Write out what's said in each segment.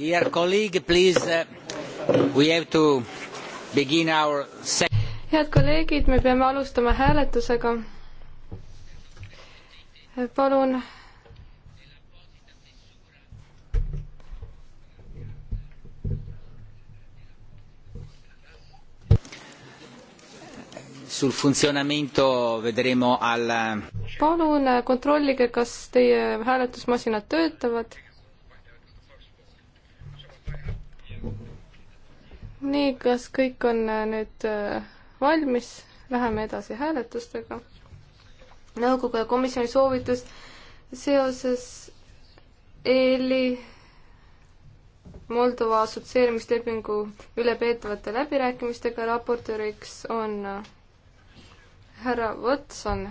Dear colleague, please, uh, we have to begin our head kolleegid, me peame alustama hääletusega. palun. sul funzionamento vedremo al. palun kontrollige, kas teie hääletusmasinad töötavad nii, kas kõik on äh, nüüd äh, valmis? Läheme edasi hääletustega. nõukogu ja komisjoni soovitus seoses EL-i Moldova assotsieerimislepingu üle peetavate läbirääkimistega raportööriks on äh, härra Watson.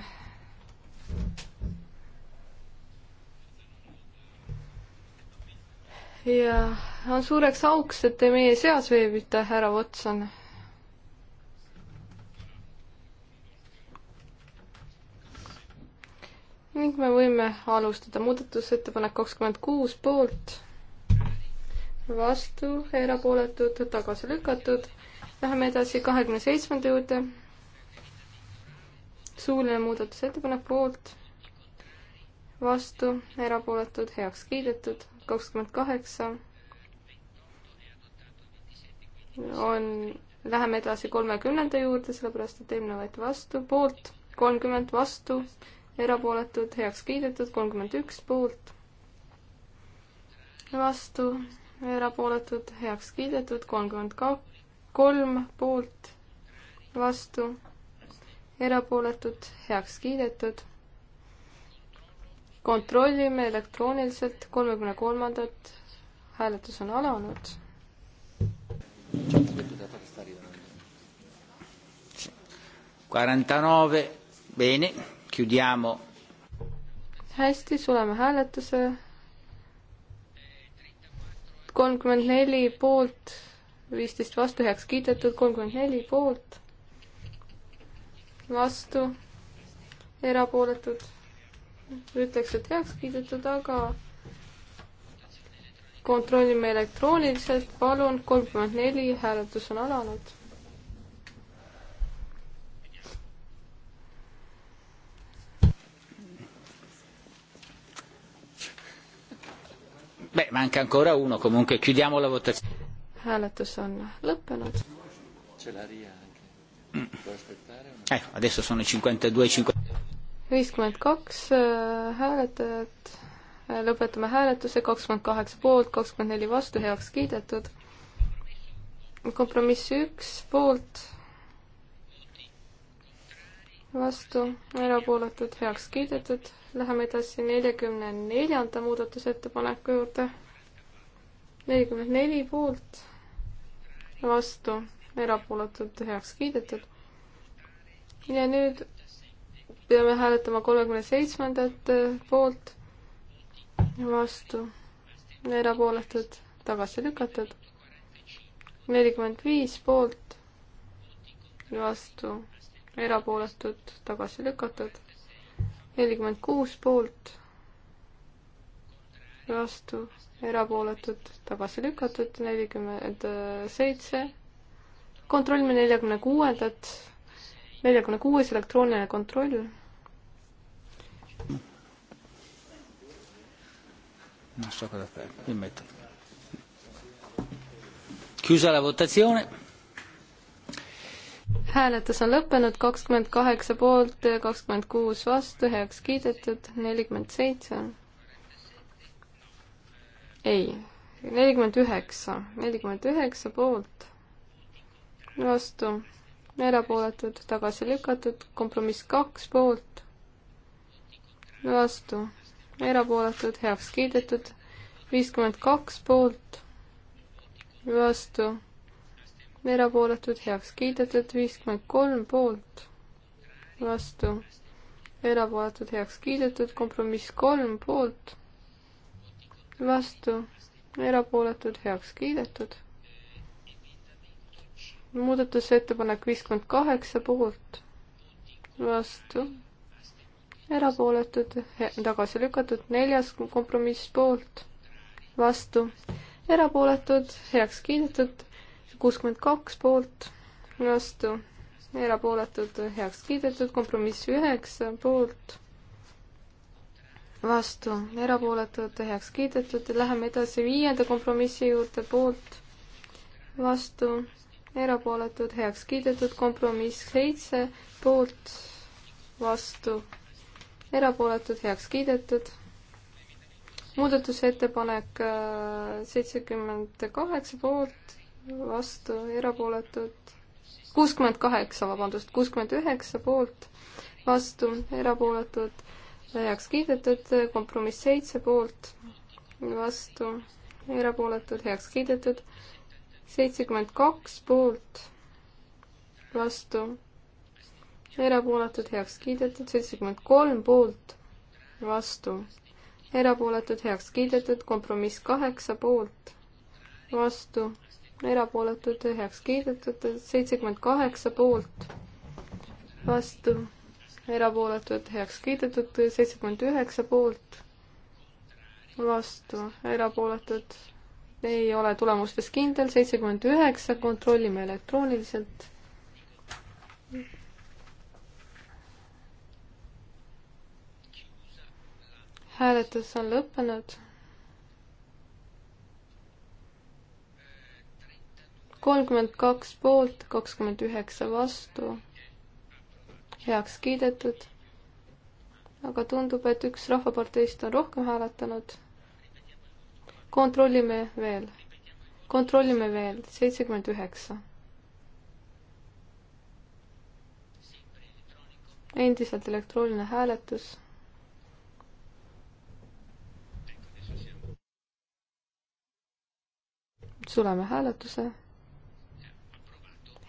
ja on suureks auks, et te meie seas veebite, härra Watson. ning me võime alustada muudatusettepanek kakskümmend kuus poolt, vastu, erapooletud, tagasi lükatud. Läheme edasi kahekümne seitsmenda juurde. suuline muudatusettepanek poolt, vastu, erapooletud, heaks kiidetud kakskümmend kaheksa on, läheme edasi kolmekümnenda juurde, sellepärast et eelmine võeti vastu, poolt kolmkümmend, vastu, erapooletud, heaks kiidetud, kolmkümmend üks poolt, vastu, erapooletud, heaks kiidetud, kolmkümmend ka-, kolm poolt, vastu, erapooletud, heaks kiidetud kontrollime elektrooniliselt kolmekümne kolmandat. hääletus on alanud. hästi, suleme hääletuse. kolmkümmend neli poolt, viisteist vastu heaks kiidetud, kolmkümmend neli poolt, vastu, erapooletud ütleks, et heaks kiidetud, aga kontrollime elektrooniliselt, palun, kolmkümmend neli, hääletus on alanud. Beh, manca ancora uno, comunque chiudiamo la votazione. Hääletus on lõppenud. Ce l'ha Ria anche. Può aspettare? Ecco, eh, adesso sono 52, 50 viiskümmend kaks äh, hääletajat, äh, lõpetame hääletuse, kakskümmend kaheksa poolt, kakskümmend neli vastu, heaks kiidetud. kompromiss üks poolt, vastu, erapooletud, heaks kiidetud. Läheme edasi neljakümne neljanda muudatusettepaneku juurde. nelikümmend neli poolt, vastu, erapooletud, heaks kiidetud. ja nüüd peame hääletama kolmekümne seitsmendat eh, poolt, vastu, erapooletud, tagasi lükatud. nelikümmend viis poolt, vastu, erapooletud, tagasi lükatud. nelikümmend kuus poolt, vastu, erapooletud, tagasi lükatud. nelikümmend seitse, kontrollime neljakümne kuuendat neljakümne kuues elektrooniline kontroll. non so cosa fare, li metto. Chiusa la votazione. hääletus on lõppenud, kakskümmend kaheksa poolt, kakskümmend kuus vastu, heaks kiidetud, nelikümmend seitse. ei, nelikümmend üheksa, nelikümmend üheksa poolt, vastu, erapooletud, tagasi lükatud, kompromiss kaks poolt, vastu erapooletud, heaks kiidetud, viiskümmend kaks poolt, vastu, erapooletud, heaks kiidetud, viiskümmend kolm poolt, vastu, erapooletud, heaks kiidetud, kompromiss kolm poolt, vastu, erapooletud, heaks kiidetud. muudatusettepanek viiskümmend kaheksa poolt, vastu erapooletud, tagasi lükatud, neljas kompromiss poolt, vastu, erapooletud, heaks kiidetud, kuuskümmend kaks poolt, vastu, erapooletud, heaks kiidetud, kompromiss üheksa poolt, vastu, erapooletud, heaks kiidetud, läheme edasi viienda kompromissi juurde, poolt, vastu, erapooletud, heaks kiidetud, kompromiss seitse, poolt, vastu erapooletud, heaks kiidetud. muudatusettepanek äh, seitsekümmend kaheksa poolt, vastu, erapooletud, kuuskümmend kaheksa, vabandust, kuuskümmend üheksa poolt, vastu, erapooletud, heaks kiidetud, kompromiss seitse poolt, vastu, erapooletud, heaks kiidetud, seitsekümmend kaks poolt, vastu erapooletud, heaks kiidetud, seitsekümmend kolm poolt, vastu, erapooletud, heaks kiidetud, kompromiss kaheksa poolt, vastu, erapooletud, heaks kiidetud, seitsekümmend kaheksa poolt, vastu, erapooletud, heaks kiidetud, seitsekümmend üheksa poolt, vastu, erapooletud, ei ole tulemustes kindel, seitsekümmend üheksa, kontrollime elektrooniliselt hääletus on lõppenud. kolmkümmend kaks poolt, kakskümmend üheksa vastu. heaks kiidetud. aga tundub, et üks rahvaparteist on rohkem hääletanud. kontrollime veel. kontrollime veel, seitsekümmend üheksa endiselt elektrooniline hääletus. sulame hääletuse.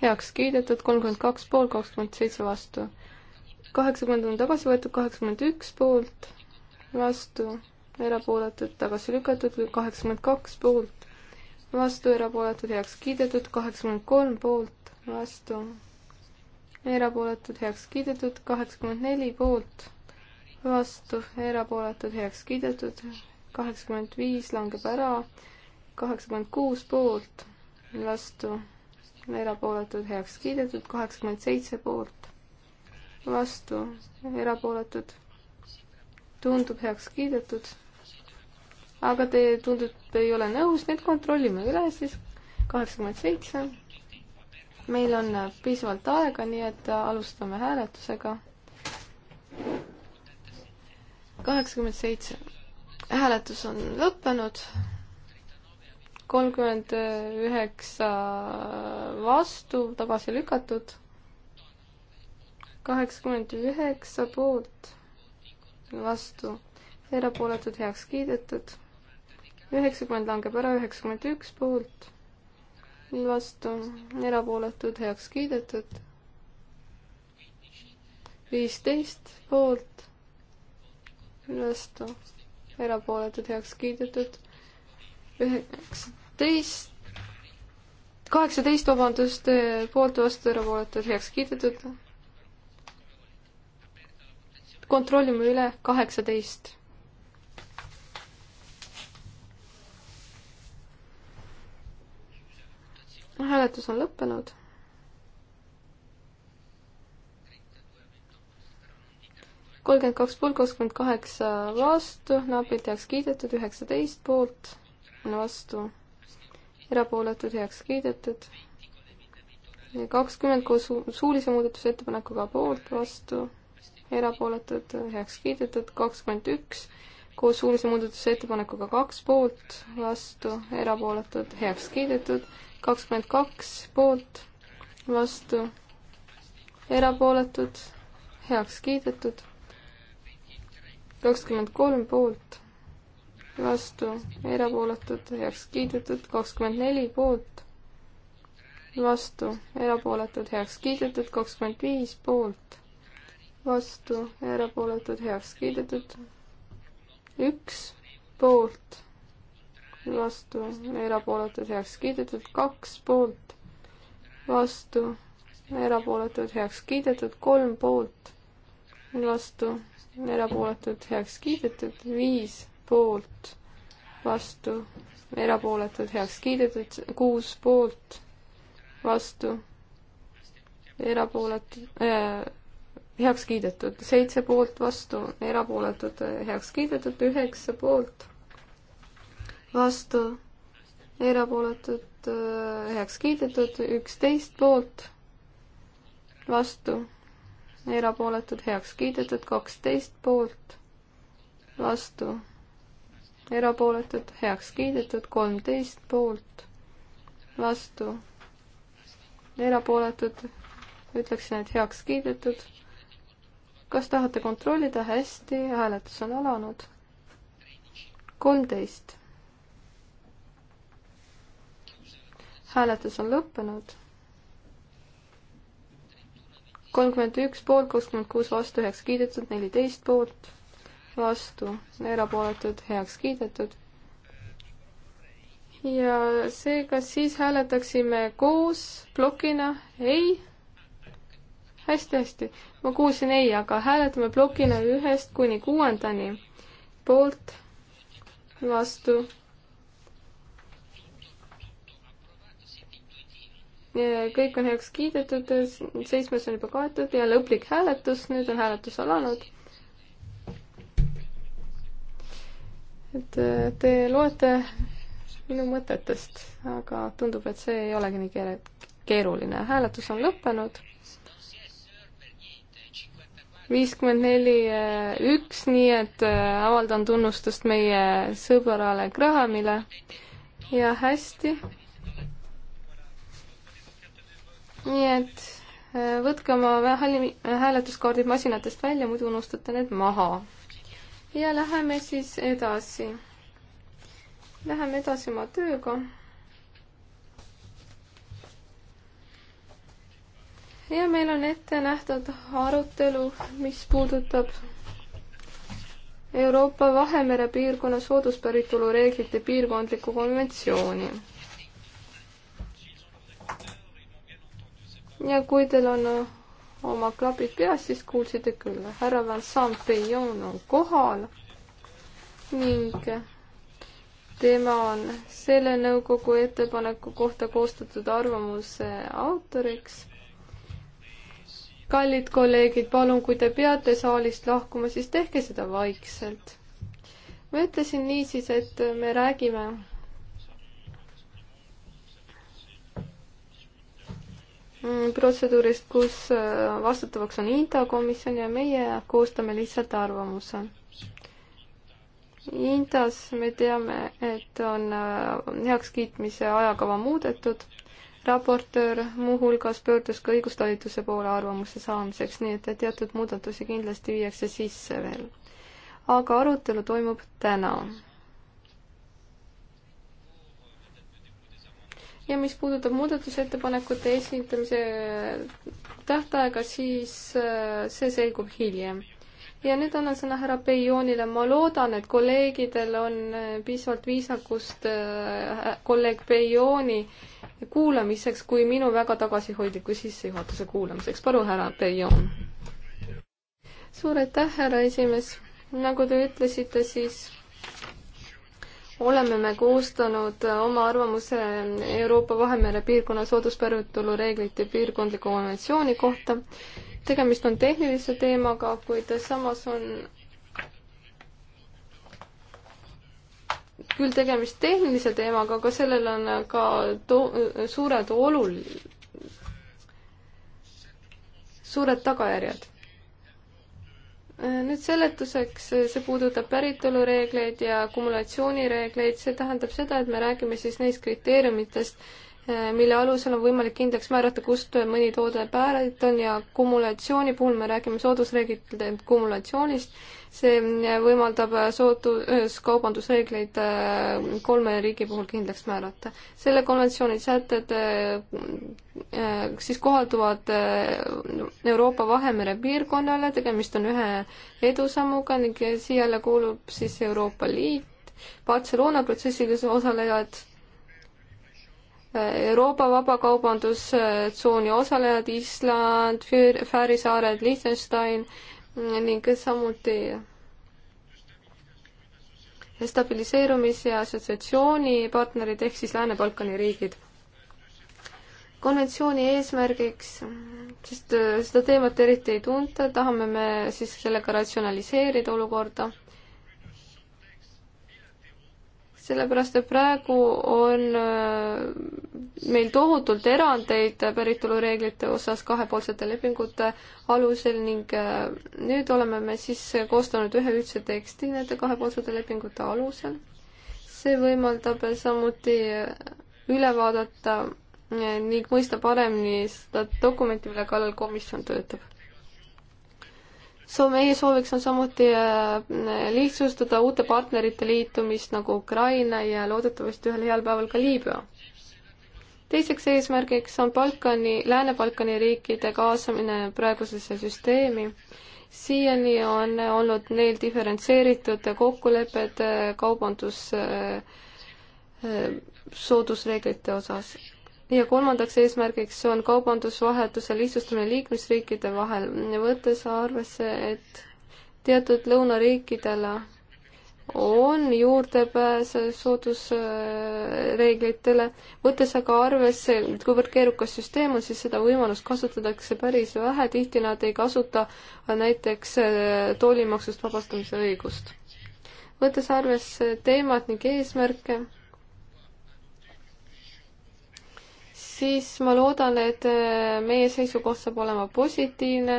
heaks kiidetud, kolmkümmend kaks poolt, kakskümmend seitse vastu. kaheksakümmend on tagasi võetud, kaheksakümmend üks poolt, vastu, erapooletud, tagasi lükatud, kaheksakümmend kaks poolt, vastu, erapooletud, heaks kiidetud, kaheksakümmend kolm poolt, vastu, erapooletud, heaks kiidetud, kaheksakümmend neli poolt, vastu, erapooletud, heaks kiidetud, kaheksakümmend viis langeb ära, kaheksakümmend kuus poolt, vastu, erapooletud, heaks kiidetud, kaheksakümmend seitse poolt, vastu, erapooletud, tundub heaks kiidetud. aga te tundub, ei ole nõus, nii et kontrollime üle siis, kaheksakümmend seitse. meil on piisavalt aega, nii et alustame hääletusega. kaheksakümmend seitse hääletus on lõppenud kolmkümmend üheksa vastu, tagasi lükatud. kaheksakümmend üheksa poolt, vastu, erapooletud, heaks kiidetud. üheksakümmend langeb ära, üheksakümmend üks poolt, vastu, erapooletud, heaks kiidetud. viisteist poolt, vastu, erapooletud, heaks kiidetud üheksateist, kaheksateist, vabandust, eh, poolt vastu erapooletud heaks kiidetud. kontrollime üle, kaheksateist. hääletus on lõppenud. kolmkümmend kaks poolt, kakskümmend kaheksa vastu, napilt heaks kiidetud, üheksateist poolt vastu, erapooletud, heaks kiidetud. kakskümmend koos suulise muudatusettepanekuga poolt, vastu, erapooletud, heaks kiidetud, kakskümmend üks koos suulise muudatusettepanekuga kaks poolt, vastu, erapooletud, heaks kiidetud, kakskümmend kaks poolt, vastu, erapooletud, heaks kiidetud, kakskümmend kolm poolt, vastu, erapooletud, heaks kiidetud, kakskümmend neli poolt, vastu, erapooletud, heaks kiidetud, kakskümmend viis poolt, vastu, erapooletud, heaks kiidetud, üks poolt, vastu, erapooletud, heaks kiidetud, kaks poolt, vastu, erapooletud, heaks kiidetud, kolm poolt, vastu, erapooletud, heaks kiidetud, viis poolt, vastu, erapooletud, heaks kiidetud, kuus poolt, vastu, erapooletud äh,, heaks kiidetud, seitse poolt, vastu, erapooletud, heaks kiidetud, üheksa poolt, vastu, erapooletud, äh, heaks kiidetud, üksteist poolt, vastu, erapooletud, heaks kiidetud, kaksteist poolt vastu, erapooletud, heaks kiidetud, kolmteist poolt, vastu, erapooletud, ütleksin, et heaks kiidetud. kas tahate kontrollida? hästi, hääletus on alanud. kolmteist. hääletus on lõppenud. kolmkümmend üks poolt, kuuskümmend kuus vastu, heaks kiidetud, neliteist poolt vastu, erapooletud, heaks kiidetud. ja seega siis hääletaksime koos plokina ei hästi,. hästi-hästi, ma kuulsin ei, aga hääletame plokina ühest kuni kuuendani. poolt, vastu. kõik on heaks kiidetud, seitsmes on juba kaetud ja lõplik hääletus, nüüd on hääletus alanud et äh, te loete minu mõtetest, aga tundub, et see ei olegi nii keer-, keeruline. hääletus on lõppenud. viiskümmend neli äh, üks, nii et äh, avaldan tunnustust meie sõbrale Grahamile ja hästi. nii et võtke oma hääletuskaardid masinatest välja, muidu unustate need maha ja läheme siis edasi. Läheme edasi oma tööga. ja meil on ette nähtud arutelu, mis puudutab Euroopa Vahemere piirkonna sooduspäritolu reeglite piirkondlikku konventsiooni. ja kui teil on oma klapid peas, siis kuulsite küll. härra Vincent Peillon on kohal ning tema on selle nõukogu ettepaneku kohta koostatud arvamuse autoriks. kallid kolleegid, palun, kui te peate saalist lahkuma, siis tehke seda vaikselt. ma ütlesin niisiis, et me räägime Mm, protseduurist, kus äh, vastutavaks on INTA komisjon ja meie koostame lihtsalt arvamuse. INTAs me teame, et on äh, heakskiitmise ajakava muudetud, raportöör muuhulgas pöördus ka õigustalituse poole arvamuse saamiseks, nii et teatud muudatusi kindlasti viiakse sisse veel. aga arutelu toimub täna ja mis puudutab muudatusettepanekute esitamise tähtaega, siis äh, see selgub hiljem. ja nüüd annan sõna härra Peionile, ma loodan, et kolleegidel on äh, piisavalt viisakust äh, kolleeg Peioni kuulamiseks kui minu väga tagasihoidliku sissejuhatuse kuulamiseks. palun, härra Peion. suur aitäh, härra esimees. nagu te ütlesite, siis oleme me koostanud äh, oma arvamuse Euroopa Vahemere piirkonna sooduspäritolu reeglite piirkondliku konventsiooni kohta. tegemist on tehnilise teemaga, kuid samas on küll tegemist tehnilise teemaga, aga sellel on ka to-, suured olul-, suured tagajärjed nüüd seletuseks, see puudutab päritolureegleid ja akumulatsioonireegleid, see tähendab seda, et me räägime siis neist kriteeriumitest, mille alusel on võimalik kindlaks määrata, kust mõni toode pärit on ja kumulatsiooni puhul me räägime soodusreeglite kumulatsioonist see võimaldab sootus kaubandusreegleid äh, kolme riigi puhul kindlaks määrata. selle konventsiooni sätted äh, äh, siis kohalduvad Euroopa Vahemere piirkonnale, tegemist on ühe edusammuga ning siia jälle kuulub siis Euroopa Liit, Barcelona protsessis osalejad Euroopa vabakaubandustsooni osalejad Island, Fääri saared, Liechtenstein ning samuti stabiliseerumis- ja assotsiatsioonipartnerid ehk siis Lääne-Balkani riigid. konventsiooni eesmärgiks, sest äh, seda teemat eriti ei tunta, tahame me siis sellega ratsionaliseerida olukorda sellepärast, et praegu on äh, meil tohutult erandeid päritolureeglite osas kahepoolsete lepingute alusel ning äh, nüüd oleme me siis koostanud ühe ühtse teksti nende kahepoolsete lepingute alusel. see võimaldab samuti äh, üle vaadata ning mõista paremini seda dokumenti, mille kallal komisjon töötab soo-, meie sooviks on samuti äh, lihtsustada uute partnerite liitumist nagu Ukraina ja loodetavasti ühel heal päeval ka Liibüa. teiseks eesmärgiks on Balkani, Lääne-Balkani riikide kaasamine praegusesse süsteemi siiani on olnud neil diferentseeritud kokkulepped äh, kaubandus äh, soodusreeglite osas ja kolmandaks eesmärgiks on kaubandusvahetuse lihtsustamine liikmesriikide vahel, võttes arvesse, et teatud lõunariikidel on juurdepääs soodusreeglitele, võttes aga arvesse, kuivõrd keerukas süsteem on, siis seda võimalust kasutatakse päris vähe, tihti nad ei kasuta näiteks äh, toolimaksust vabastamise õigust. võttes arvesse teemat ning eesmärke siis ma loodan, et äh, meie seisukoht saab olema positiivne.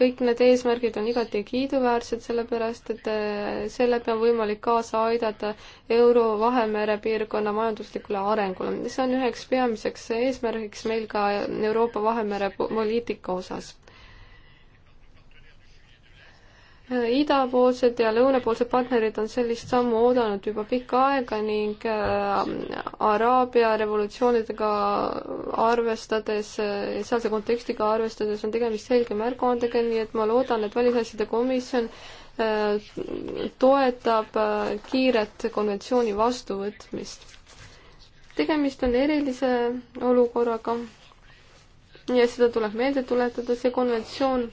kõik need eesmärgid on igati kiiduväärsed, sellepärast et äh, sellega on võimalik kaasa aidata Euro Vahemere piirkonna majanduslikule arengule. see on üheks peamiseks eesmärgiks meil ka Euroopa Vahemere poliitika osas. idapoolsed ja lõunapoolsed partnerid on sellist sammu oodanud juba pikka aega ning äh, Araabia revolutsioonidega arvestades, äh, sealse kontekstiga arvestades on tegemist selge märguandega, nii et ma loodan, et Välisasjade Komisjon äh, toetab kiiret konventsiooni vastuvõtmist. tegemist on erilise olukorraga ja seda tuleb meelde tuletada, see konventsioon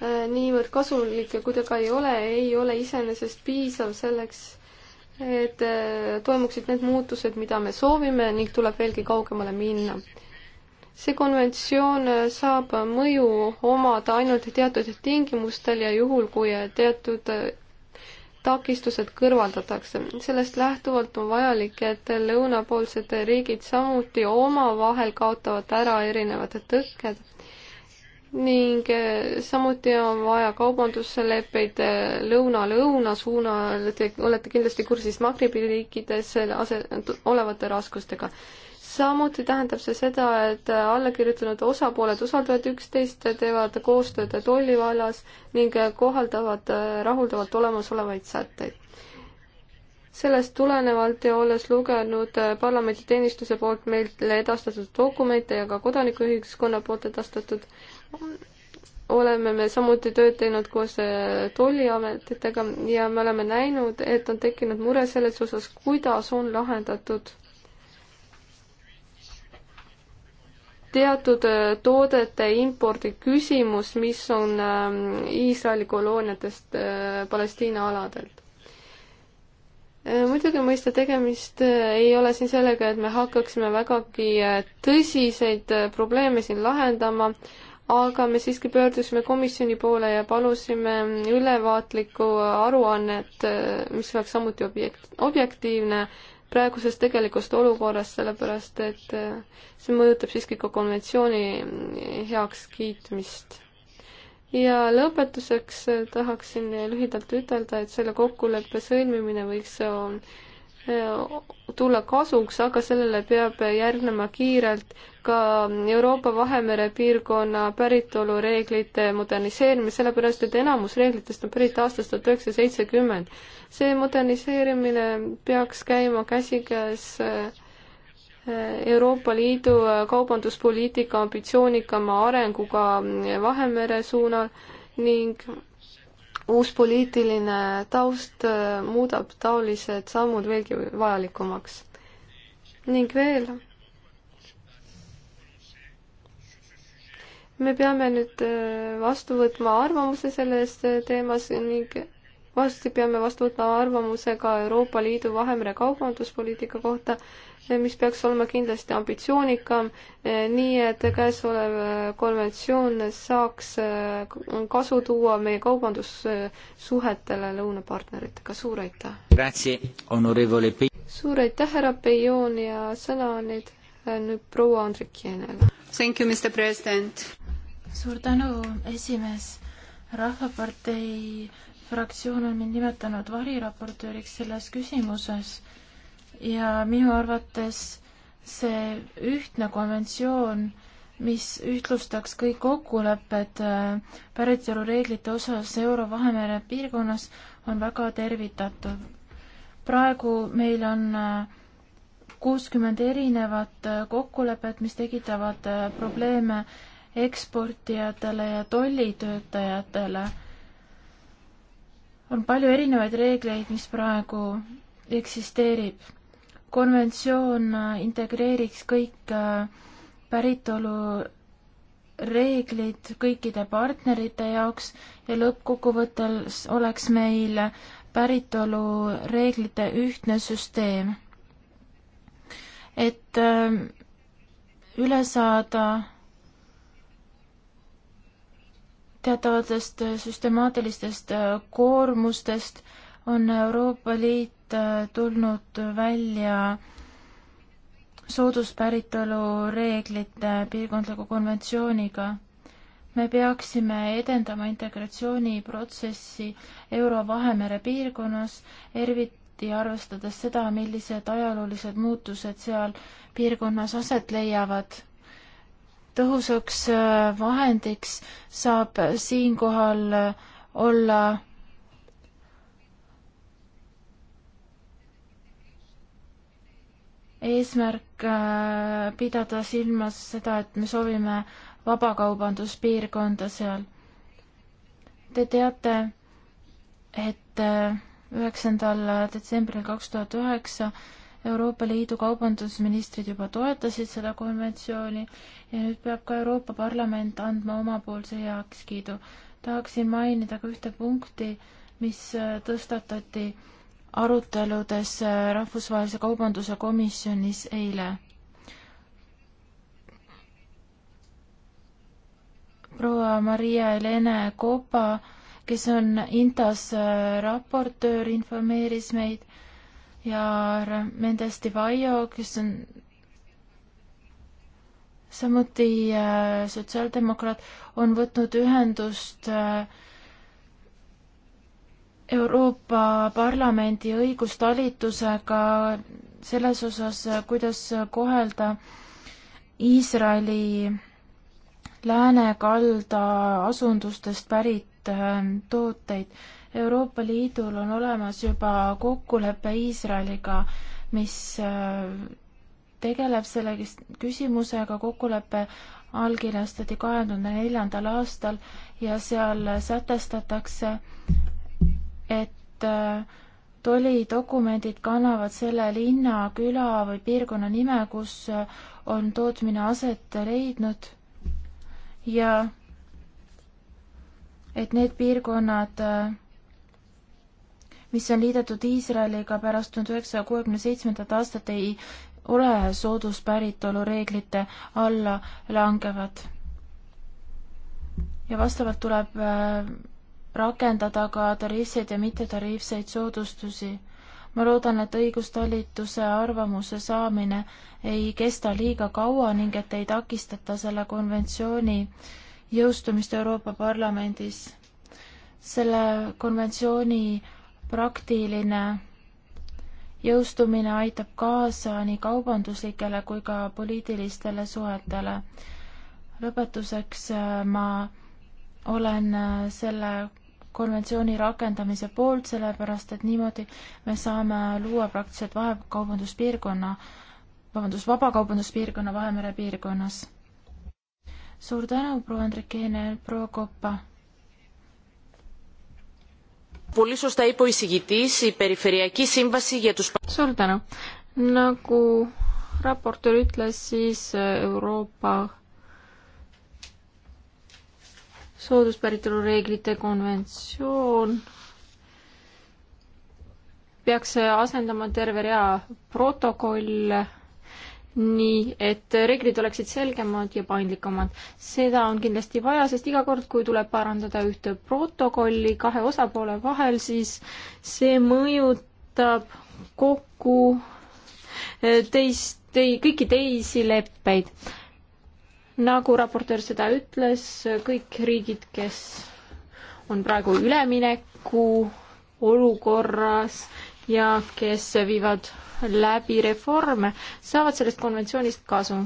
Äh, niivõrd kasulik, kui ta ka ei ole, ei ole iseenesest piisav selleks, et äh, toimuksid need muutused, mida me soovime ning tuleb veelgi kaugemale minna. see konventsioon äh, saab mõju omada ainult teatud tingimustel ja juhul, kui teatud takistused kõrvaldatakse. sellest lähtuvalt on vajalik, et lõunapoolsed riigid samuti omavahel kaotavad ära erinevad tõkked ning eh, samuti on vaja kaubandusleppeid lõuna-lõuna eh, suunal, te olete kindlasti kursis Magribi riikides ase-, olevate raskustega. samuti tähendab see seda, et allakirjutanud osapooled usaldavad üksteist, teevad koostööd tollivallas ning kohaldavad eh, rahuldavalt olemasolevaid sätteid sellest tulenevalt ja olles lugenud parlamenditeenistuse poolt meile edastatud dokumente ja ka kodanikuühiskonna poolt edastatud oleme me samuti tööd teinud koos äh, tolliametitega ja me oleme näinud, et on tekkinud mure selles osas, kuidas on lahendatud teatud äh, toodete impordi küsimus, mis on ähm, Iisraeli kolooniatest äh, Palestiina aladelt. muidugi mõista tegemist ei ole siin sellega, et me hakkaksime vägagi tõsiseid probleeme siin lahendama aga me siiski pöördusime komisjoni poole ja palusime ülevaatlikku aruannet, mis oleks samuti objekt, objektiivne praegusest tegelikust olukorrast, sellepärast et äh, see mõjutab siiski ka konventsiooni heakskiitmist. ja lõpetuseks äh, tahaksin lühidalt ütelda, et selle kokkuleppe sõlmimine võiks äh, Äh, tulla kasuks, aga sellele peab järgnema kiirelt ka Euroopa Vahemere piirkonna päritolureeglite moderniseerimine, sellepärast et enamus reeglitest on pärit aastast tuhat üheksasada seitsekümmend. see moderniseerimine peaks käima käsikäes äh, Euroopa Liidu äh, kaubanduspoliitika ambitsioonikama arenguga Vahemere suunal ning uus poliitiline taust äh, muudab taolised sammud veelgi vajalikumaks. ning veel, me peame nüüd äh, vastu võtma arvamuse selles äh, teemas ning varsti peame vastu võtma arvamuse ka Euroopa Liidu Vahemere kaubanduspoliitika kohta mis peaks olema kindlasti ambitsioonikam, eh, nii et käesolev eh, konventsioon saaks eh, kasu tuua meie kaubandussuhetele lõunapartneritega. suur aitäh! suur aitäh, härra Peion ja sõna on nüüd, nüüd proua Andrik Jänele. Thank you, Mr President! suur tänu, esimees! rahvapartei fraktsioon on mind nimetanud variraportööriks selles küsimuses ja minu arvates see ühtne konventsioon, mis ühtlustaks kõik kokkulepped äh, päritolureeglite osas Euro-Vahemere piirkonnas, on väga tervitatav. praegu meil on äh, kuuskümmend erinevat äh, kokkulepet, mis tekitavad probleeme eksportijatele ja tollitöötajatele. on palju erinevaid reegleid, mis praegu eksisteerib konventsioon integreeriks kõik äh, päritolu reeglid kõikide partnerite jaoks ja lõppkokkuvõttes oleks meil päritolureeglite ühtne süsteem. et äh, üle saada teatavatest süstemaatilistest äh, koormustest on Euroopa Liit Äh, tulnud välja sooduspäritolu reeglite piirkondliku konventsiooniga. me peaksime edendama integratsiooniprotsessi Euro-Vahemere piirkonnas, eriti arvestades seda, millised ajaloolised muutused seal piirkonnas aset leiavad. tõhusaks äh, vahendiks saab siinkohal olla eesmärk äh, pidada silmas seda, et me soovime vabakaubanduspiirkonda seal. Te teate, et äh, üheksandal detsembril kaks tuhat üheksa Euroopa Liidu kaubandusministrid juba toetasid seda konventsiooni ja nüüd peab ka Euroopa Parlament andma omapoolse heakskiidu. tahaksin mainida ka ühte punkti, mis äh, tõstatati äh, aruteludes äh, Rahvusvahelise Kaubanduse Komisjonis eile. proua Maria Helene Kopa, kes on Intas äh, raportöör, informeeris meid ja Mendes Divaio, kes on samuti äh, sotsiaaldemokraat, on võtnud ühendust äh, Euroopa Parlamendi õigustalitusega selles osas, kuidas kohelda Iisraeli läänekalda asundustest pärit äh, tooteid. Euroopa Liidul on olemas juba kokkulepe Iisraeliga, mis äh, tegeleb selle küsimusega, kokkulepe allkirjastati kahe tuhande neljandal aastal ja seal sätestatakse, et äh, tollidokumendid kannavad selle linna, küla või piirkonna nime, kus äh, on tootmine aset leidnud ja et need piirkonnad, äh, mis on liidetud Iisraeliga pärast tuhande üheksasaja kuuekümne seitsmendat aastat, ei ole sooduspäritolureeglite alla langevad. ja vastavalt tuleb rakendada ka tariifseid ja mittetariifseid soodustusi. ma loodan, et õigustalituse arvamuse saamine ei kesta liiga kaua ning et ei takistata selle konventsiooni jõustumist Euroopa Parlamendis. selle konventsiooni praktiline jõustumine aitab kaasa nii kaubanduslikele kui ka poliitilistele suhetele. lõpetuseks äh, ma olen äh, selle konventsiooni rakendamise poolt, sellepärast et niimoodi me saame luua praktiliselt vahekaubanduspiirkonna, vabandust, vabakaubanduspiirkonna Vahemere piirkonnas. suur tänu, proua Andrikeene, proua Koppa. suur tänu. nagu raportöör ütles, siis Euroopa sooduspäritolureeglite konventsioon peaks asendama terve rea protokolle, nii et reeglid oleksid selgemad ja paindlikumad. seda on kindlasti vaja, sest iga kord, kui tuleb parandada ühte protokolli kahe osapoole vahel, siis see mõjutab kokku teist, tei-, kõiki teisi leppeid nagu raportöör seda ütles, kõik riigid, kes on praegu ülemineku olukorras ja kes viivad läbi reforme, saavad sellest konventsioonist kasu.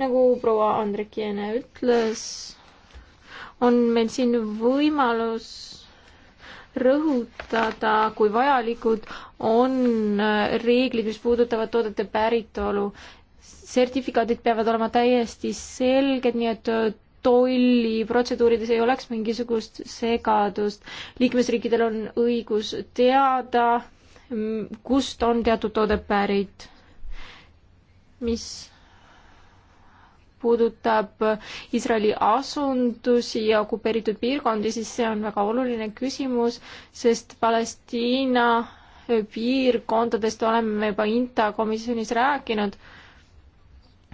nagu proua Andrek Jeene ütles, on meil siin võimalus rõhutada, kui vajalikud on reeglid, mis puudutavad toodete päritolu sertifikaadid peavad olema täiesti selged, nii et äh, tolliprotseduurides ei oleks mingisugust segadust. liikmesriikidel on õigus teada, kust on teatud toode pärit. mis puudutab äh, Iisraeli asundusi ja okupeeritud piirkondi, siis see on väga oluline küsimus, sest Palestiina äh, piirkondadest oleme juba INTA komisjonis rääkinud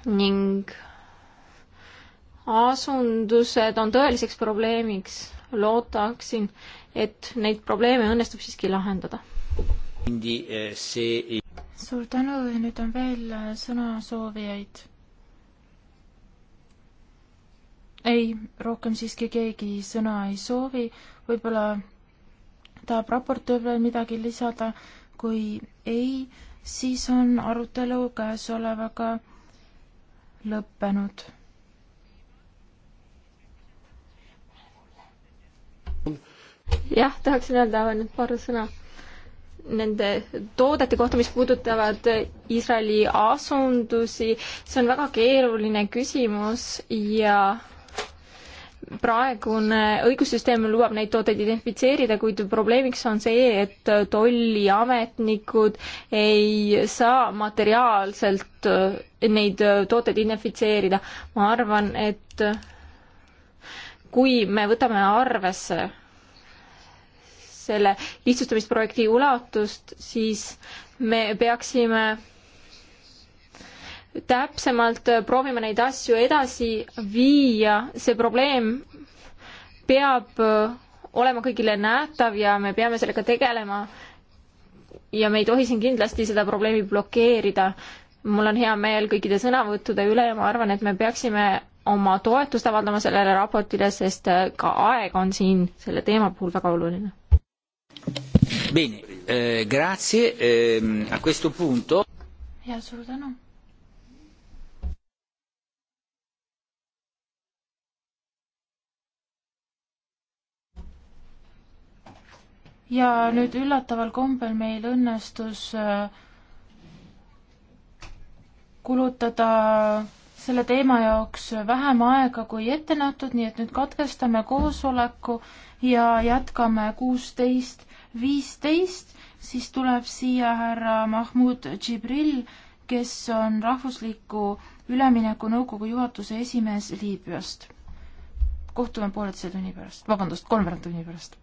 ning asundused on tõeliseks probleemiks. loodaksin, et neid probleeme õnnestub siiski lahendada. Eh, suur tänu ja nüüd on veel eh, sõnasoovijaid. ei, rohkem siiski keegi sõna ei soovi, võib-olla tahab raportöör veel midagi lisada, kui ei, siis on arutelu käesolevaga lõppenud. jah, tahaksin öelda ainult paar sõna nende toodete kohta, mis puudutavad Iisraeli asundusi. see on väga keeruline küsimus ja praegune õigussüsteem lubab neid tooteid identifitseerida, kuid probleemiks on see, et tolliametnikud ei saa materiaalselt äh, neid äh, tooteid identifitseerida. ma arvan, et äh, kui me võtame arvesse selle lihtsustamisprojekti ulatust, siis me peaksime täpsemalt proovime neid asju edasi viia, see probleem peab olema kõigile nähtav ja me peame sellega tegelema. ja me ei tohi siin kindlasti seda probleemi blokeerida. mul on hea meel kõikide sõnavõttude üle ja ma arvan, et me peaksime oma toetust avaldama sellele raportile, sest ka aeg on siin selle teema puhul väga oluline. Bene eh,, grazie eh, a questo punto. ja suur tänu ja nüüd üllataval kombel meil õnnestus äh, kulutada selle teema jaoks vähem aega kui ette nähtud, nii et nüüd katkestame koosoleku ja jätkame kuusteist viisteist, siis tuleb siia härra Mahmud Džibril, kes on Rahvusliku Ülemineku Nõukogu juhatuse esimees Liibüast. kohtume pooleteise tunni pärast, vabandust, kolmveerand tunni pärast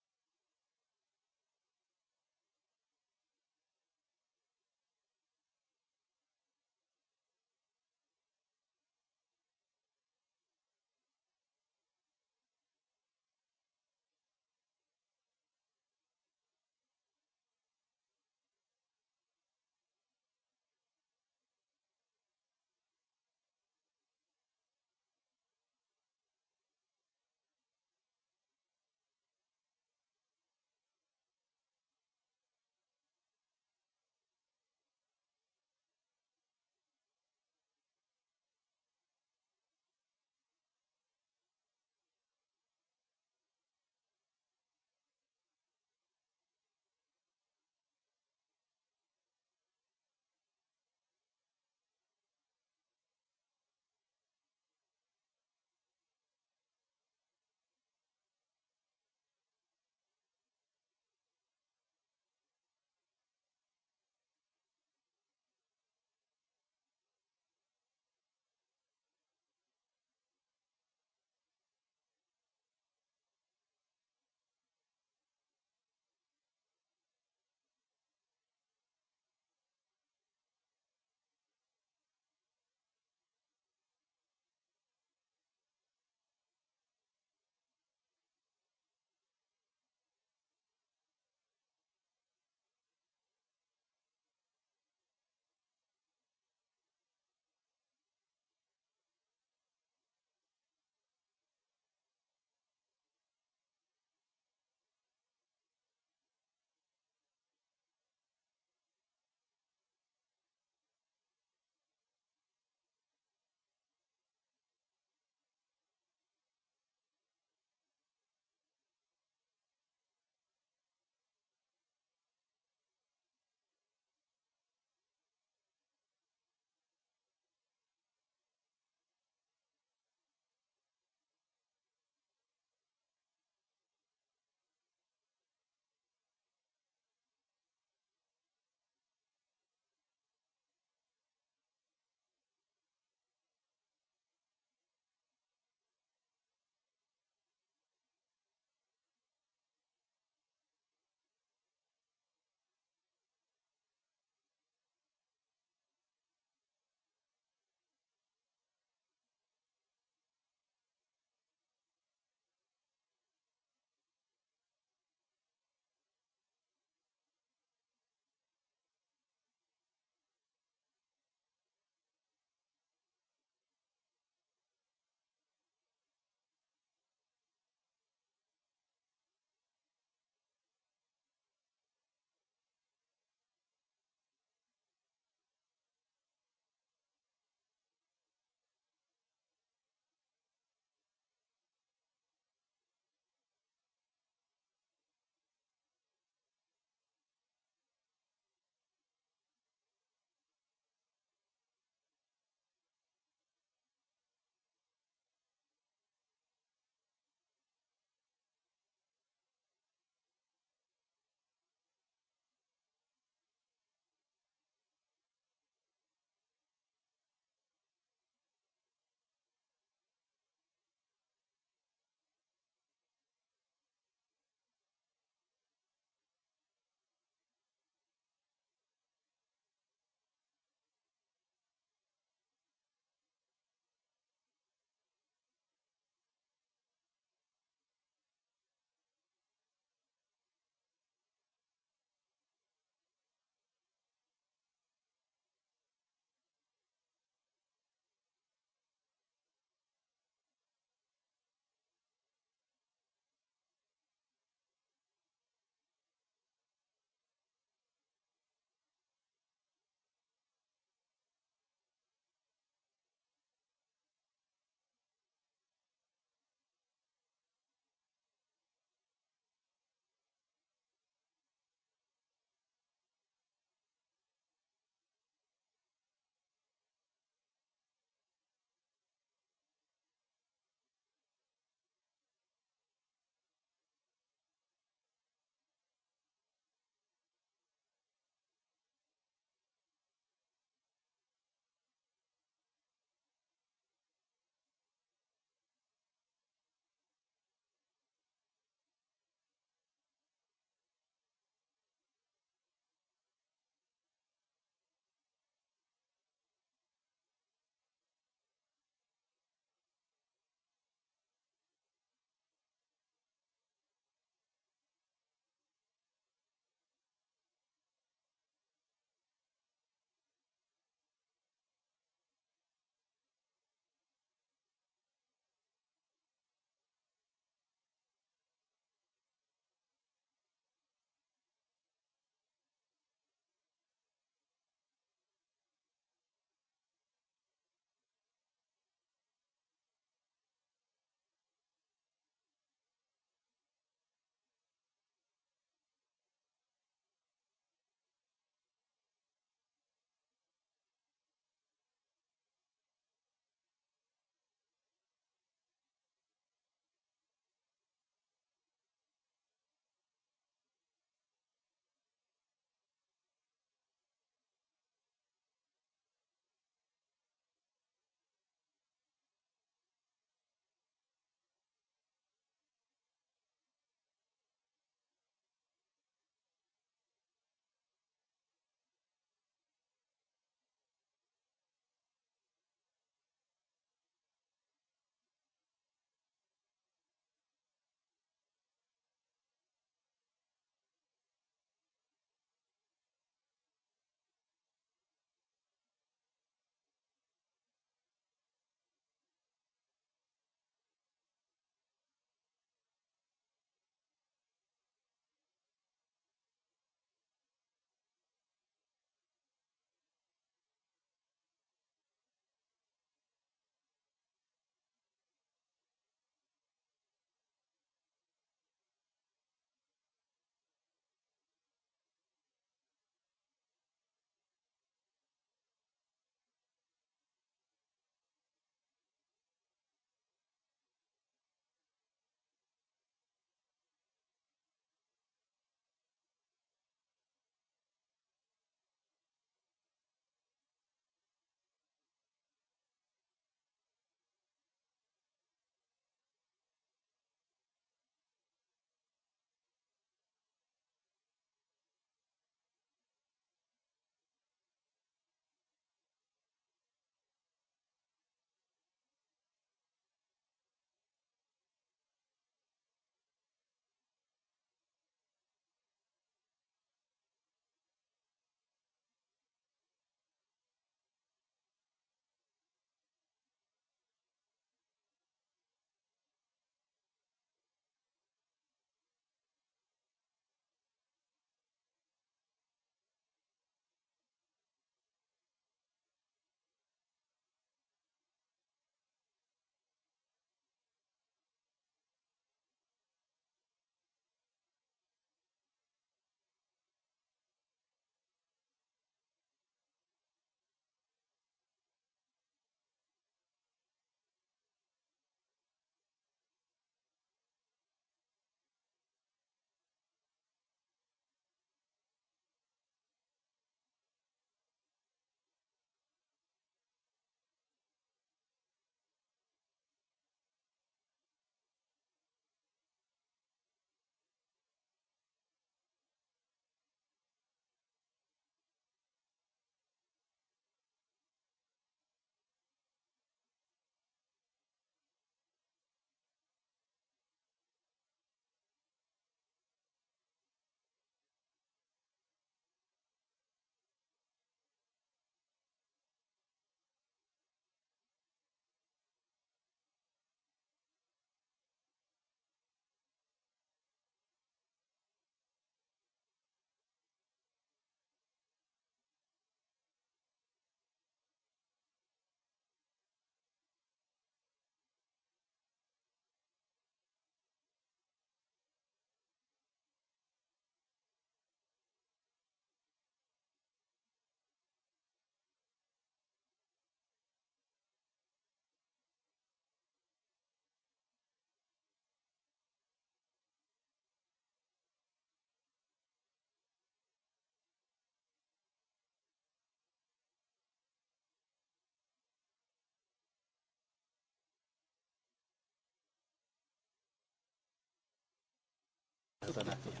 alternativen.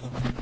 Bonjour,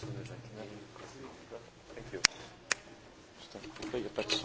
soon as I can. Thank you. Stop. Il n'y a pas de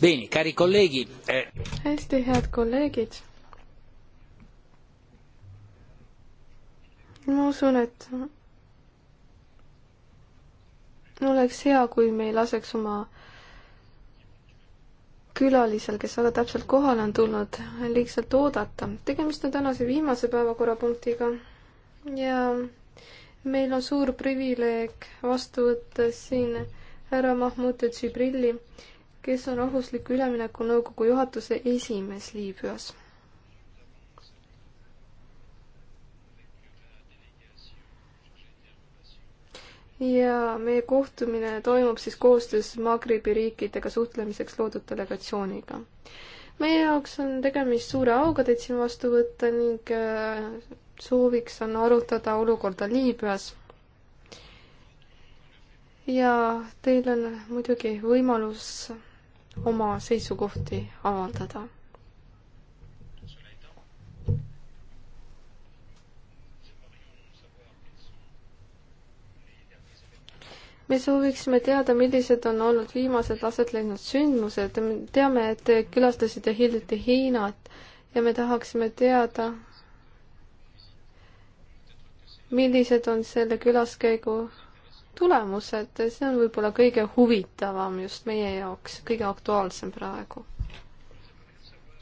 Bene, cari colleghi. Eh... hästi, head kolleegid. ma usun, et oleks hea, kui me ei laseks oma külalisel, kes väga täpselt kohale on tulnud, liigselt oodata. tegemist on tänase viimase päevakorrapunktiga ja meil on suur privileeg vastu võtta siin härra Mahmud Džibrilli, kes on rahvusliku ülemineku nõukogu juhatuse esimees Liibüas. ja meie kohtumine toimub siis koostöös Magribi riikidega suhtlemiseks loodud delegatsiooniga. meie jaoks on tegemist suure auga teid siin vastu võtta ning äh, sooviks on arutada olukorda Liibüas ja teil on muidugi võimalus oma seisukohti avaldada. me sooviksime teada, millised on olnud viimased aset leidnud sündmused. teame, et te külastasite hiljuti Hiinat ja me tahaksime teada, millised on selle külaskäigu tulemused, see on võib-olla kõige huvitavam just meie jaoks, kõige aktuaalsem praegu.